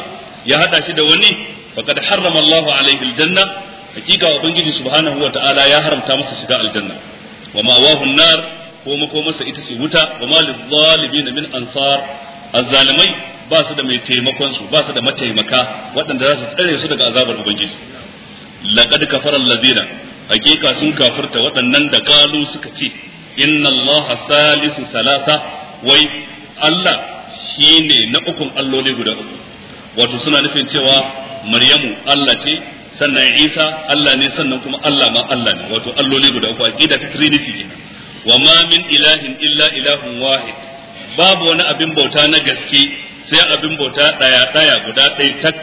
يا هذا شد وني فقد حرم الله عليه الجنة حقيقة وبنجي سبحانه وتعالى يا حرم تامس شقاء الجنة ومأواه النار ومكومس إتسي وتا وما للظالمين من أنصار azzalimai ba su da mai taimakon su ba su da mataimaka waɗanda za su tsare su daga azabar ubangiji laqad kafara allazina hakika sun kafirta waɗannan da kalu suka ce inna allaha salisu salasa wai allah shine na ukun alloli guda uku wato suna nufin cewa maryamu allah ce sannan isa allah ne sannan kuma allah ma allah ne wato alloli guda uku aqida ta trinity kenan wa ma min ilahin illa ilahun wahid babu wani abin bauta na gaske sai abin bauta daya daya guda ɗaya tak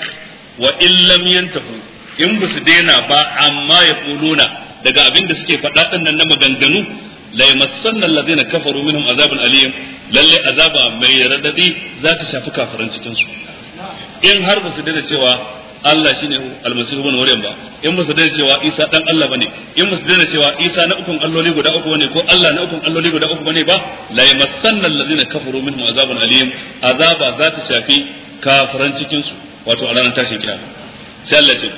wa illam yantahu in ba su daina ba amma ya kuluna daga abin da suke faɗa nan na maganganu la yamassanna alladhina kafaru minhum azabun alim lalle azaba mai radadi za ta shafi kafiran cikin su in har ba su daina cewa Allah shine almasihu bin maryam ba in musu daina cewa isa dan Allah bane in musu daina cewa isa na ukun alloli guda uku bane ko Allah na ukun alloli guda uku bane ba la yamassanna alladhina kafaru minhum azabun alim azaba za ta shafi kafiran cikin su wato a ranar tashin kiyama sai Allah ce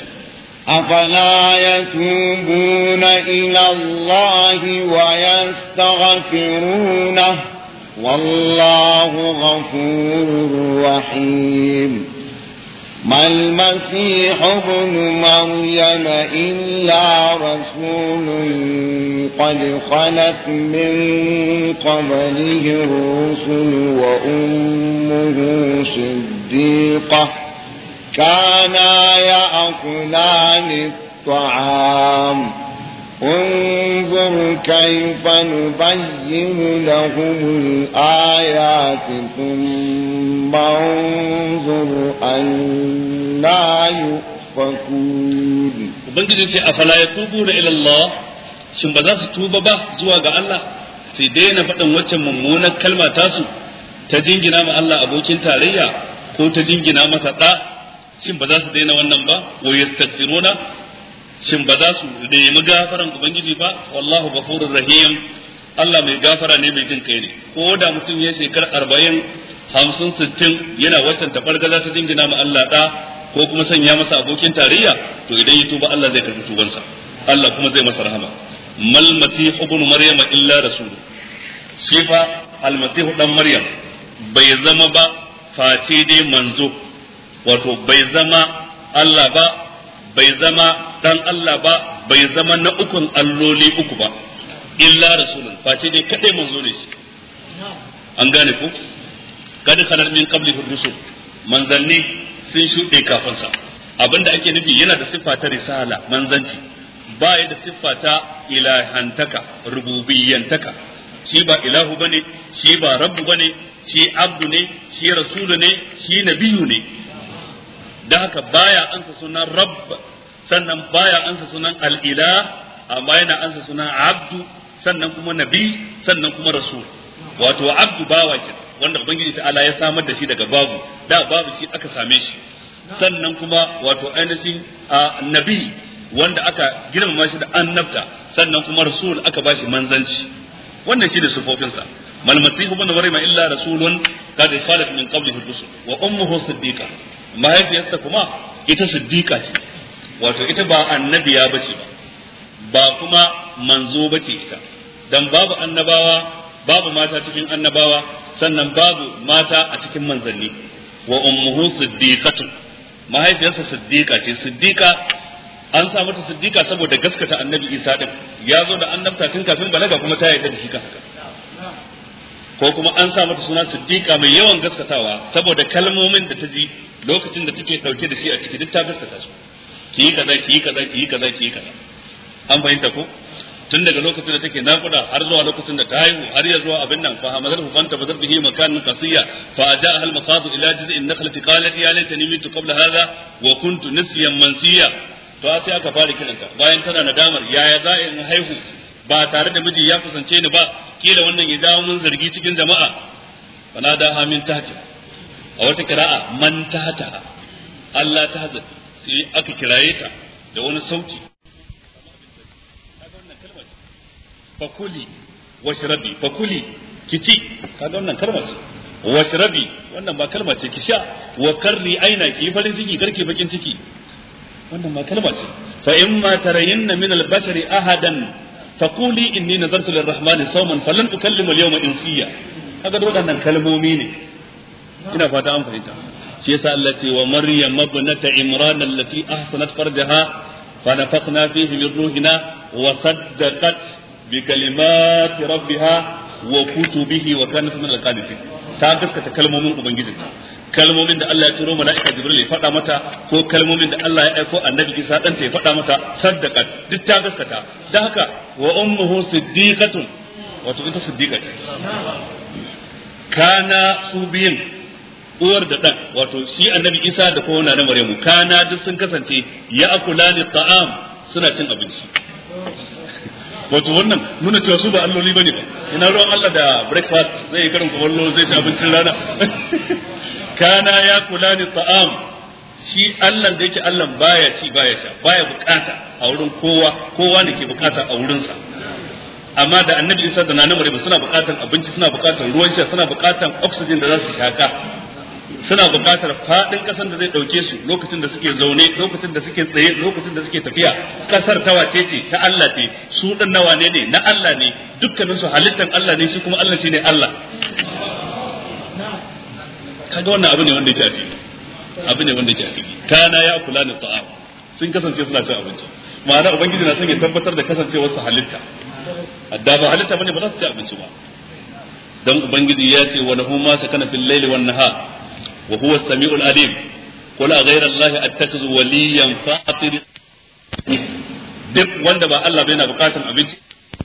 أفلا يتوبون إلى الله ويستغفرونه والله غفور رحيم ما المسيح ابن مريم إلا رسول قد خلت من قبله الرسل وأمه صديقة كانا يأكلان الطعام انظر كيف نبين لهم الآيات ثم انظر أنا يؤفكون Ubangiji ce a fala ya tubu da ilallah shin ba za su tuba ba zuwa ga Allah su daina faɗin waccan mummunar kalma tasu ta jingina ma Allah abokin tarayya ko ta jingina masa ɗa shin ba za su daina wannan ba wa shin ba za su nemi gafaran ubangiji ba wallahu ghafurur rahim Allah mai gafara ne mai jin kai ne ko da mutum ya shekar arba'in hamsin sittin yana waccan tabargaza ta jingina ma Allah da ko kuma sanya masa abokin tarayya to idan ya tuba Allah zai karbi tubansa Allah kuma zai masa rahama mal masih ibn maryam illa rasul shi al masih dan maryam bai zama ba face dai manzo wato bai zama Allah ba bai zama dan Allah ba bai zama na ukun alloli uku ba illa rasulun face dai kadai manzo ne shi an gane ku kad khalar min qabli rusul manzanni sun shuɗe kafin sa abinda ake nufi yana da siffa ta risala manzanci ba ya da siffa ta ilahantaka rububiyyantaka shi ba ilahu bane shi ba rabbu bane shi abdu ne shi rasulu ne shi nabiyu ne dan haka baya ansa sunan rabb sannan baya ansa sunan al-ilah amma yana ansa sunan abdu sannan kuma nabi sannan kuma rasul wato abdu bawa ke wanda ubangiji ta ala ya samar da shi daga babu da babu shi aka same shi sannan kuma wato ainihin nabi wanda aka girmama shi da annabta sannan kuma rasul aka bashi manzanci wannan shi da sufofinsa mal masihu bin maryama illa rasulun qad khalat min qablihi rusul wa ummuhu siddiqah mahaifiyarsa kuma ita siddiqa ce wato ita ba annabiya bace ba ba kuma manzo bace ita dan babu annabawa babu mata cikin annabawa sannan babu mata a cikin manzanni wa ummuhu siddiqatu mahaifiyarsa siddiqa ce siddiqa an sa mata siddiqa saboda gaskata annabi Isa ɗin ya zo da annabta tun kafin balaga kuma ta yarda da shi haka ko kuma an sa mata suna siddiqa mai yawan gaskatawa saboda kalmomin da ta ji lokacin da take dauke da shi a ciki duk ta gaskata su ki yi kaza ki yi kaza ki yi kaza ki yi kaza an fahimta ko tun daga lokacin da take nakuda har zuwa lokacin da ta haihu har ya zuwa abin nan fa hamadar fanta bazar bihi makan qasiya fa ajaa al maqad ila jiz'in nakhlati qalat ya laitani mitu qabla hadha wa kuntu nisyan mansiya to sai aka fara kiranta bayan tana nadamar yaya za in haihu ba tare da miji ya kusance ni ba kila wannan ya dawo mun zargi cikin jama'a fala da hamin tahta a wata kira'a man tahta Allah ta hazar sai aka kiraye ta da wani sauti fakuli washrabi fakuli kici kaga wannan kalmar ce washrabi wannan ba kalma ce ki sha wa karri aina ki farin ciki karki bakin ciki wannan ma kalma ce fa in tarayinna min al-bashari ahadan Takuli inni nazartu lirrahmani sawman falan ukallimu al-yawma insiya kaga waɗannan kalmomi ne ina fata an fahimta shi yasa Allah ce wa maryam ibnata imran allati ahsanat farjaha fa nafakhna fihi min ruhina ta gaskata kalmomin ubangijinta kalmomin da Allah ya turo mala'ika Jibril ya faɗa mata ko kalmomin da Allah ya aiko Annabi Isa dan ta ya faɗa mata saddaqat duk ta gaskata dan haka wa ummuhu siddiqatun wato ita siddiqa ce kana su biyin uwar da dan wato shi Annabi Isa da kuma na Maryamu kana duk sun kasance ya akulani ta'am suna cin abinci wato wannan nuna cewa su ba alloli bane ba ina ruwan Allah da breakfast zai karin kwallo zai ci abincin rana kana ya kula ni ta'am shi Allah da yake Allah baya ci baya sha baya bukata a wurin kowa kowa ne ke bukata a wurinsa amma da annabi isa da nanan maryam suna bukatan abinci suna bukatan ruwan sha suna bukatan oxygen da za su shaka suna bukatar fadin kasar da zai dauke su lokacin da suke zaune lokacin da suke tsaye lokacin da suke tafiya kasar ta wace ce ta Allah ce su dan nawa ne ne na Allah ne dukkanin su halittan Allah ne shi kuma Allah shine Allah kaga wannan abu ne wanda yake a fili abu ne wanda yake a kana ya kula da ta'am sun kasance suna cin abinci ma'ana ubangiji na son ya tabbatar da kasancewar su halitta da ba halitta bane ba za su ci abinci ba dan ubangiji ya ce wa lahu ma sakana fil layli wan nahar wa huwa as-sami'ul alim qul ghayra allahi attakhidhu waliyan fatir duk wanda ba Allah bai na bukatan abinci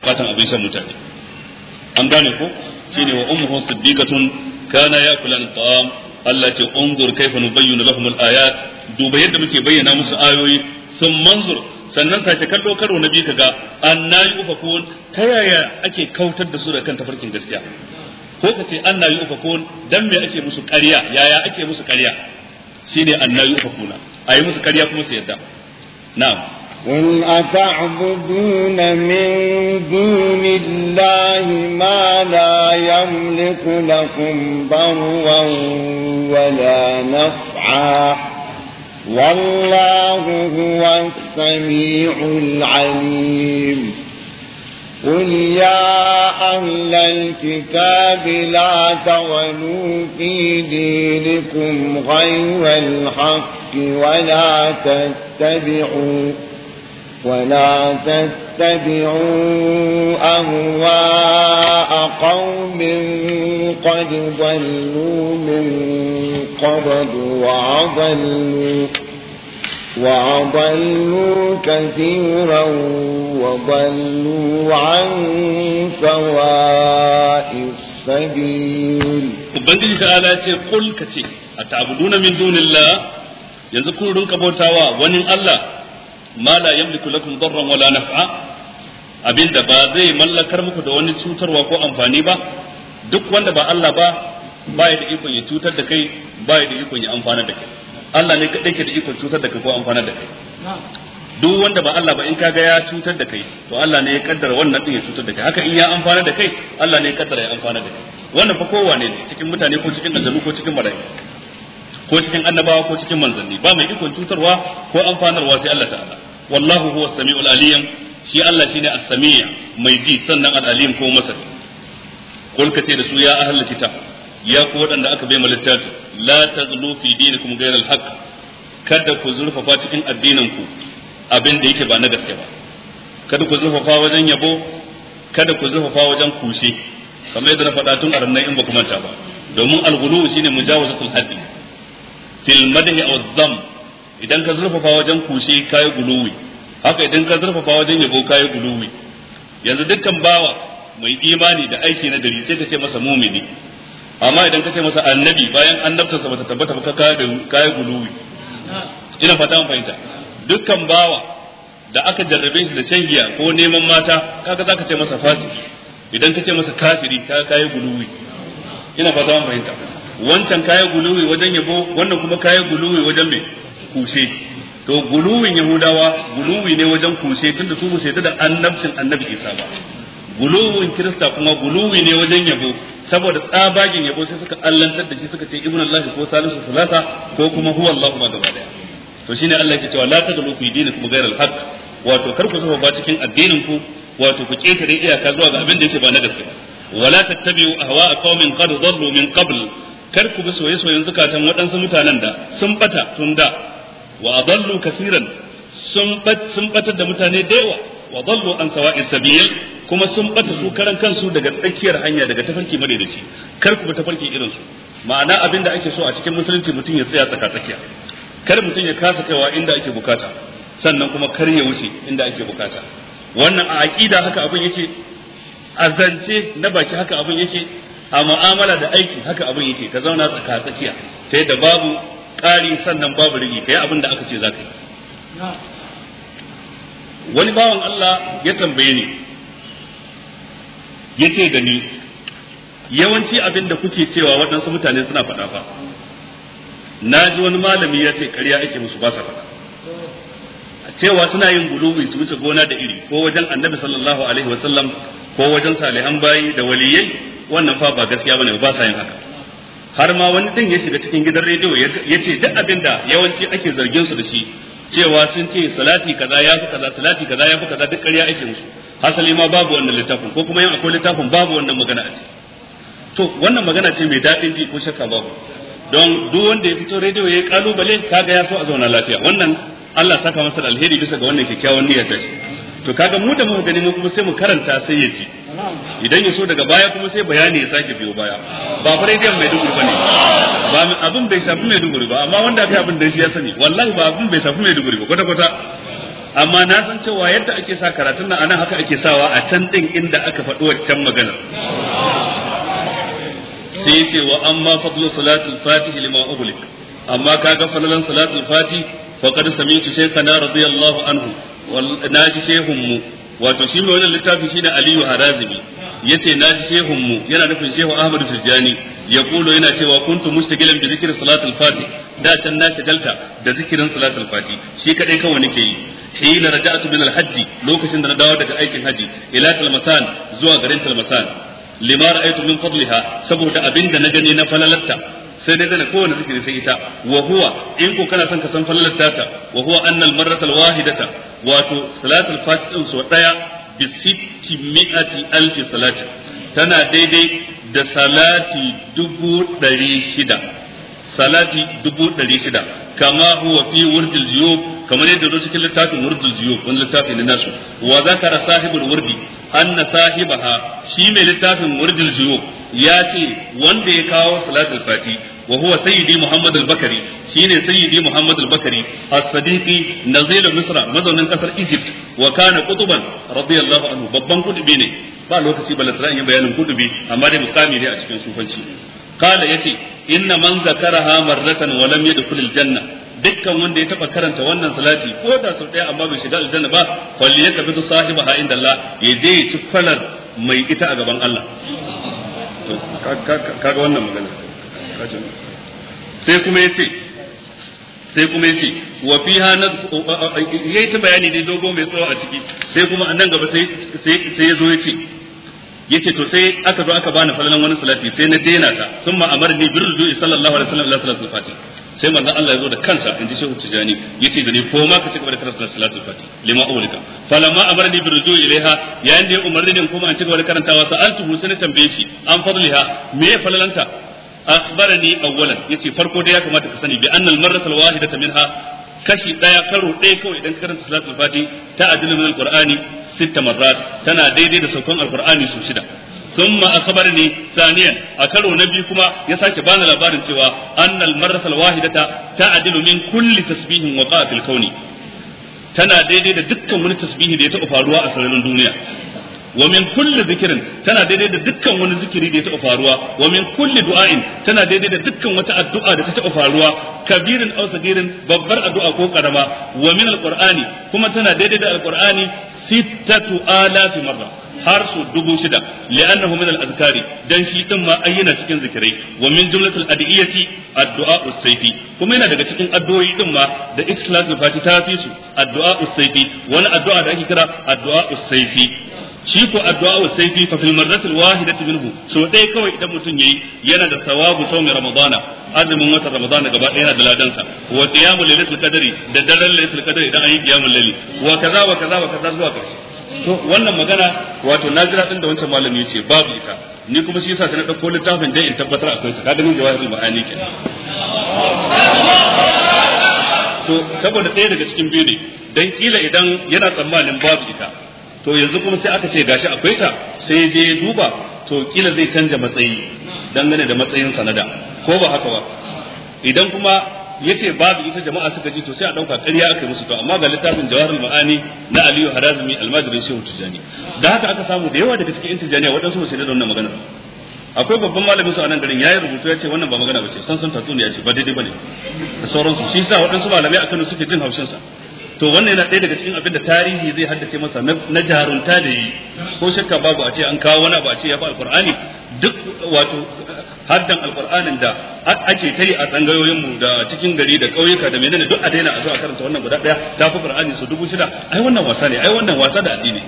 bukatan abin shan mutane an gane ko shine wa ummuhu siddiqatun kana yakulan ta'am Allah ce unzur kaifa nubayyinu lahum al-ayat duba yadda muke bayyana musu ayoyi sun manzur sannan sace kallo karo na biyu kaga anna yufakun ta yaya ake kautar da su da kan tafarkin gaskiya ko ka ce an na anna yufakun dan me ake musu ƙarya yaya ake musu ƙarya shine anna a yi musu ƙarya kuma su yadda na'am قل أتعبدون من دون الله ما لا يملك لكم ضرا ولا نفعا والله هو السميع العليم قل يا أهل الكتاب لا تغلوا في دينكم غير الحق ولا تتبعوا ولا تتبعوا أهواء قوم قد ضلوا من قبل وأضلوا وأضلوا كثيرا وضلوا عن سواء السبيل Ubangiji ta'ala ce kul ka ce a ta'buduna min dunillah yanzu kun rinka bautawa wani Allah ma la yamliku lakum darran wala naf'a abinda ba zai mallakar muku da wani cutarwa ko amfani ba duk wanda ba Allah ba ba ya da ikon ya cutar da kai ba ya da ikon ya amfana da kai Allah ne kaɗai ke da ikon cutar da kai ko amfana da kai duk wanda ba Allah ba in ga ya cutar da kai to Allah ne ya kaddara wannan din ya cutar da kai haka in ya amfana da kai Allah ne ya kaddara ya amfana da kai wannan fa kowane ne cikin mutane ko cikin aljanu ko cikin mala'iku ko cikin annabawa ko cikin manzanni ba mai ikon cutarwa ko amfanarwa sai Allah ta'ala wallahu huwa samiul alim shi Allah shine as-sami' mai ji sannan al-alim ko masani kul kace da su ya ahlul kitab ya ku waɗanda aka bai littafi la tazlu fi dinikum ghayra al-haq kada ku zurfafa cikin addinin ku abin da yake ba na gaske ba kada ku zurfafa wajen yabo kada ku zurfafa wajen kushe kamar yadda na faɗa tun a ranar in ba kuma ta ba domin al-ghulu shine mujawazatul haddi fil madhi aw dhamm idan ka zurfafa wajen kushe kayi guluwi haka idan ka zurfafa wajen yabo kayi guluwi yanzu dukkan bawa mai imani da aiki na gari sai ka ce masa mumini amma idan ka ce masa annabi bayan annabtarsa bata tabbata ba ka kayi guluwi ina fata mun fahimta dukkan bawa da aka jarrabe shi da shan giya ko neman mata kaga zaka ce masa fasiki idan ka ce masa kafiri ka kayi guluwi ina fata mun fahimta wancan kayi guluwi wajen yabo wannan kuma kayi guluwi wajen me kushe to guluwin yahudawa guluwi ne wajen kushe tunda su ba yadda da annabcin annabi isa ba guluwin kirista kuma guluwi ne wajen yabo saboda tsabagin yabo sai suka allantar da shi suka ce ibnu allahi ko salisu salasa ko kuma huwa allahu ma gaba daya to shine allah ke cewa la tadlu fi dinikum ghayra al-haqq wato kar ku saba ba cikin addinin ku wato ku ketare iyaka zuwa ga abin da yake ba na gaskiya wala tattabi'u ahwa'a qaumin qad dhallu min qabl kar ku bi soye-soyen zukatan waɗansu mutanen da sun bata tun da wa adallu kaseeran sun sun batar da mutane da yawa wa dallu an sawa'i sabil kuma sun bata su karan kansu daga tsakiyar hanya daga tafarki shi. kar ku tafarki irin su ma'ana abin da ake so a cikin musulunci mutum ya tsaya tsaka tsakiya kar mutum ya kasa kaiwa inda ake bukata sannan kuma kar ya wuce inda ake bukata wannan a aqida haka abin yake a zance na baki haka abin yake a mu'amala da aiki haka abin yake ka zauna tsaka tsakiya ta yadda babu ƙari sannan babu rigi kai abin da aka ce za ka yi wani bawan Allah ya tambaye ni ya ce gani yawanci abin da kuke cewa waɗansu mutane suna faɗa fa na ji wani malami ya ce karya ake musu ba sa faɗa cewa suna yin gulubi su wuce gona da iri ko wajen annabi sallallahu alaihi wasallam ko wajen salihan bayi da waliyai wannan fa ba gaskiya bane ba sa yin haka har ma wani din ya shiga cikin gidan rediyo ya ce duk abin da yawanci ake zargin su da shi cewa sun ce salati kaza ya fi kaza salati kaza ya fi kaza duk ƙarya ake musu hasali ma babu wannan littafin ko kuma yin akwai littafin babu wannan magana a ciki to wannan magana ce mai daɗin ji ko shakka babu don duk wanda ya fito rediyo ya yi kalubale kaga ya so a zauna lafiya wannan Allah saka masa alheri bisa ga wannan kyakkyawan niyyar ta to kaga mu da muka gani mu kuma sai mu karanta sai ya ci. idan ya so daga baya kuma sai bayani ya sake biyo baya ba fa rediyon mai duguri bane ba abin bai shafi mai duguri ba amma wanda aka abin da shi ya sani wallahi ba abin bai shafi mai duguri ba kwata kwata amma na san cewa yadda ake sa karatun nan anan haka ake sawa a can din inda aka faɗi waccan magana sai ce wa amma fadlu salatul fatihi lima ughliq amma kaga fadlan salatul fatihi faqad sami'tu shaykhana radiyallahu anhu wal naji shaykhun mu wato shi mai wannan littafi shine Aliyu Harazimi yace na ji shehun mu yana nufin shehu Ahmadu Tijjani ya kulo yana cewa kuntu mustaqilan bi zikri salatul fati da can na shagalta da zikirin salatul fati shi kaɗai kawai nake yi hina raja'tu min al-hajji lokacin da na dawo daga aikin hajji ila Talmasan zuwa garin Talmasan lima ra'aytu min fadliha saboda abinda na gani na falalarta sai dai gane kowane zikiri sai ita wa huwa in ko kana son ka san fallar tata wa huwa annal marratal wahidata wato salatul fatih din so daya bi sitti mi'ati alfi salati tana daidai da salati dubu ɗari shida salati dubu ɗari shida kama huwa fi wurdil juyub kamar yadda zo cikin littafin wurdil juyub wani littafi ne nasu wa zakara sahibul wurdi Annasahi Baha shi mai littafin wurdil juyub ya ce wanda ya kawo salatul fati wa huwa sayyidi muhammad al-bakari shine sayyidi muhammad bakari as-sadiqi nazir misra mazaunin kasar egypt wa kana qutuban radiyallahu anhu babban kutubi ne ba lokaci balatra yi bayanin kutubi amma dai mukami ne a cikin sufanci قال يتي inna man ذكرها marratan ولم يدخل yadkhul dukkan wanda ya taba karanta wannan salati ko da sau daya amma bai shiga aljanna ba falli ya tafi sahibaha inda Allah ya je ya ci falar mai ita a gaban Allah Ka kaga wannan magana sai kuma yace sai kuma yace wa fiha na yayi ta bayani dai dogo mai tsawo a ciki sai kuma annan gaba sai sai yazo yace yace to sai aka zo aka bani falalan wani salati sai na daina ta summa amarni bi rujui sallallahu alaihi wasallam ila salatul fati sai manzon Allah ya zo da kansa inji shehu tijani yace da ni ko ma ka cigaba da karanta salatul fati lima ulika falamma ni bi rujui ilaiha yayin da ya umarni din kuma an cigaba da karantawa sa'altu sai na tambaye shi an fadliha me falalanta akhbarani awwalan yace farko dai ya kamata ka sani bi anna al-marrata al-wahidata minha kashi ɗaya karo ɗaya kawai idan karanta salatul fati ta ajilu min alqur'ani sita marrat tana daidai da saukan alqur'ani su shida thumma ne thaniyan a karo na biyu kuma ya sake bani labarin cewa an marratal wahidata ta ajilu min kulli tasbihin wa qafil kauni tana daidai da dukkan wani tasbihi da ya taɓa faruwa a sararin duniya wa min kulli zikirin tana daidai da dukkan wani zikiri da ya taɓa faruwa wa kulli du'ain tana daidai da dukkan wata addu'a da ta taɓa faruwa kabirin aw babbar addu'a ko karama wa min kuma tana daidai da alqur'ani sittatu alafi marra har su dubu shida li'annahu min al-azkari dan shi din ma ayyana cikin zikirai wa min jumlatul adiyati addu'a usayfi kuma yana daga cikin addu'o'i din ma da ikhlas da fati ta fi su addu'a usayfi wani addu'a da ake kira addu'a usayfi shi ko addu'a sayfi fa fil marratil wahidati minhu so dai kawai idan mutum yayi yana da sawabu sawmi ramadana azumin watan ramadana gaba ɗaya yana da ladan sa wa qiyamul lailatul qadri da daren lailatul qadri idan ayi qiyamul layli wa kaza wa kaza wa kaza zuwa karshe to wannan magana wato na din da wancan malami yace babu ita ni kuma shi yasa sai na dauko littafin dai in tabbatar akwai ta kaga min jawahirul ma'ani kenan to saboda ɗaya daga cikin biyu ne dan kila idan yana tsammanin babu ita to yanzu kuma sai aka ce gashi akwai ta sai je ya duba to kila zai canja matsayi dangane da matsayin sanada ko ba haka ba idan kuma yace babu ita jama'a suka ji to sai a dauka ƙarya aka yi musu to amma ga littafin jawarul ma'ani na Aliyu Harazmi almajirin Shehu Tijani da haka aka samu da yawa daga cikin yan Tijaniya waɗansu ba su da wannan magana akwai babban malamin su a nan garin yayi rubutu yace wannan ba magana ce san san tatsuniya ce ba daidai bane da sauransu shi sa waɗansu malamai a Kano suke jin haushin sa to wannan yana ɗaya daga cikin abin da tarihi zai haddace masa na jarunta da yi ko shakka babu a ce an kawo wani ba a ce ya fi alkur'ani duk wato haddan alkur'anin da ake tayi a tsangayoyin mu da cikin gari da ƙauyuka da menene duk a daina a zo a karanta wannan guda ɗaya ta fi qur'ani su dubu shida ai wannan wasa ne ai wannan wasa da addini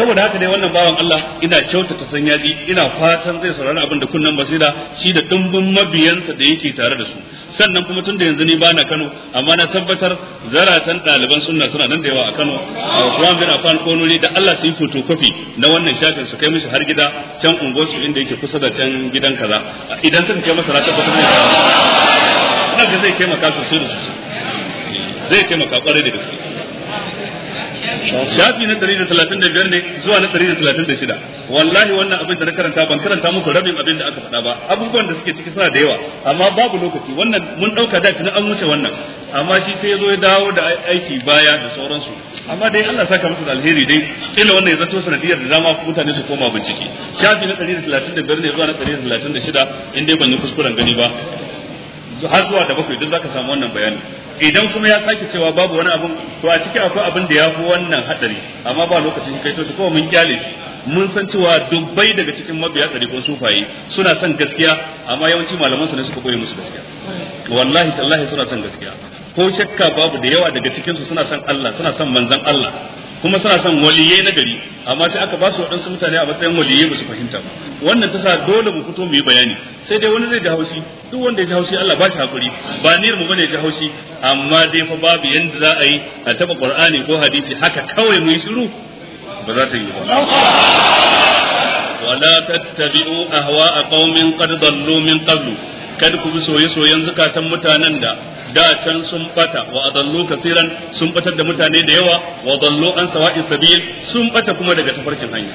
saboda haka dai wannan bawan Allah ina kyautata san yaji ina fatan zai saurari abin da kunnan basira shi da dimbin mabiyansa da yake tare da su sannan kuma da yanzu ni bana Kano amma na tabbatar zaratan ɗaliban sunna suna nan da yawa a Kano a Usman bin Affan Konuri da Allah su yi photocopy na wannan shafin su kai mishi har gida can su inda yake kusa da can gidan kaza idan sun kai masa tabbatar ne zai taimaka sosai da sosai zai taimaka kwarai da gaske shafi na 135 ne zuwa na 136 wallahi wannan abin da na karanta ban karanta muku rabin abin da aka faɗa ba abubuwan da suke ciki suna da yawa amma babu lokaci wannan mun ɗauka da tuni an wuce wannan amma shi sai zo ya dawo da aiki baya da sauransu amma dai Allah saka musu da alheri dai kila wannan ya zato sanadiyar da dama mutane su koma bincike shafi na 135 ne zuwa na 136 in dai ban yi kuskuren gani ba har zuwa da bakwai duk zaka samu wannan bayani idan kuma ya sake cewa babu wani abun to a ciki akwai abin da ya fi wannan hadari amma ba lokacin kai to shi kuma mun kyale shi mun san cewa dubbai daga cikin mabiya ko sufaye suna son gaskiya amma yawanci malaman su ne suka kore musu gaskiya wallahi tallahi suna son gaskiya ko shakka babu da yawa daga cikin su suna son Allah suna son manzon Allah kuma suna son waliyai na gari amma sai aka ba su waɗansu mutane a matsayin waliyai ba su fahimta ba wannan ta sa dole mu fito mu yi bayani sai dai wani zai ji haushi duk wanda ya ji haushi Allah ba shi hakuri ba niyyar mu bane ya ji haushi amma dai fa babu yanda za a yi a taba Qur'ani ko hadisi haka kawai mu yi shiru ba za ta yi ba wala tattabi'u ahwa'a qaumin qad dallu min qablu kada ku bi soye-soyen zukatan mutanen da da can sun bata wa adallu katiran sun batar da mutane da yawa wa dallu an sawa'i sabil sun bata kuma daga tafarkin hanya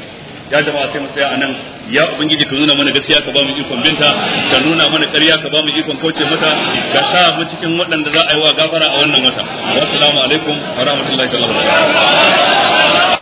ya jama'a sai mu tsaya anan ya ubangiji ka nuna mana gaskiya ka ba mu ikon binta ka nuna mana ƙarya ka ba mu ikon kauce mata ka sa mu cikin waɗanda za a yi wa gafara a wannan wata wassalamu alaikum wa rahmatullahi wa barakatuh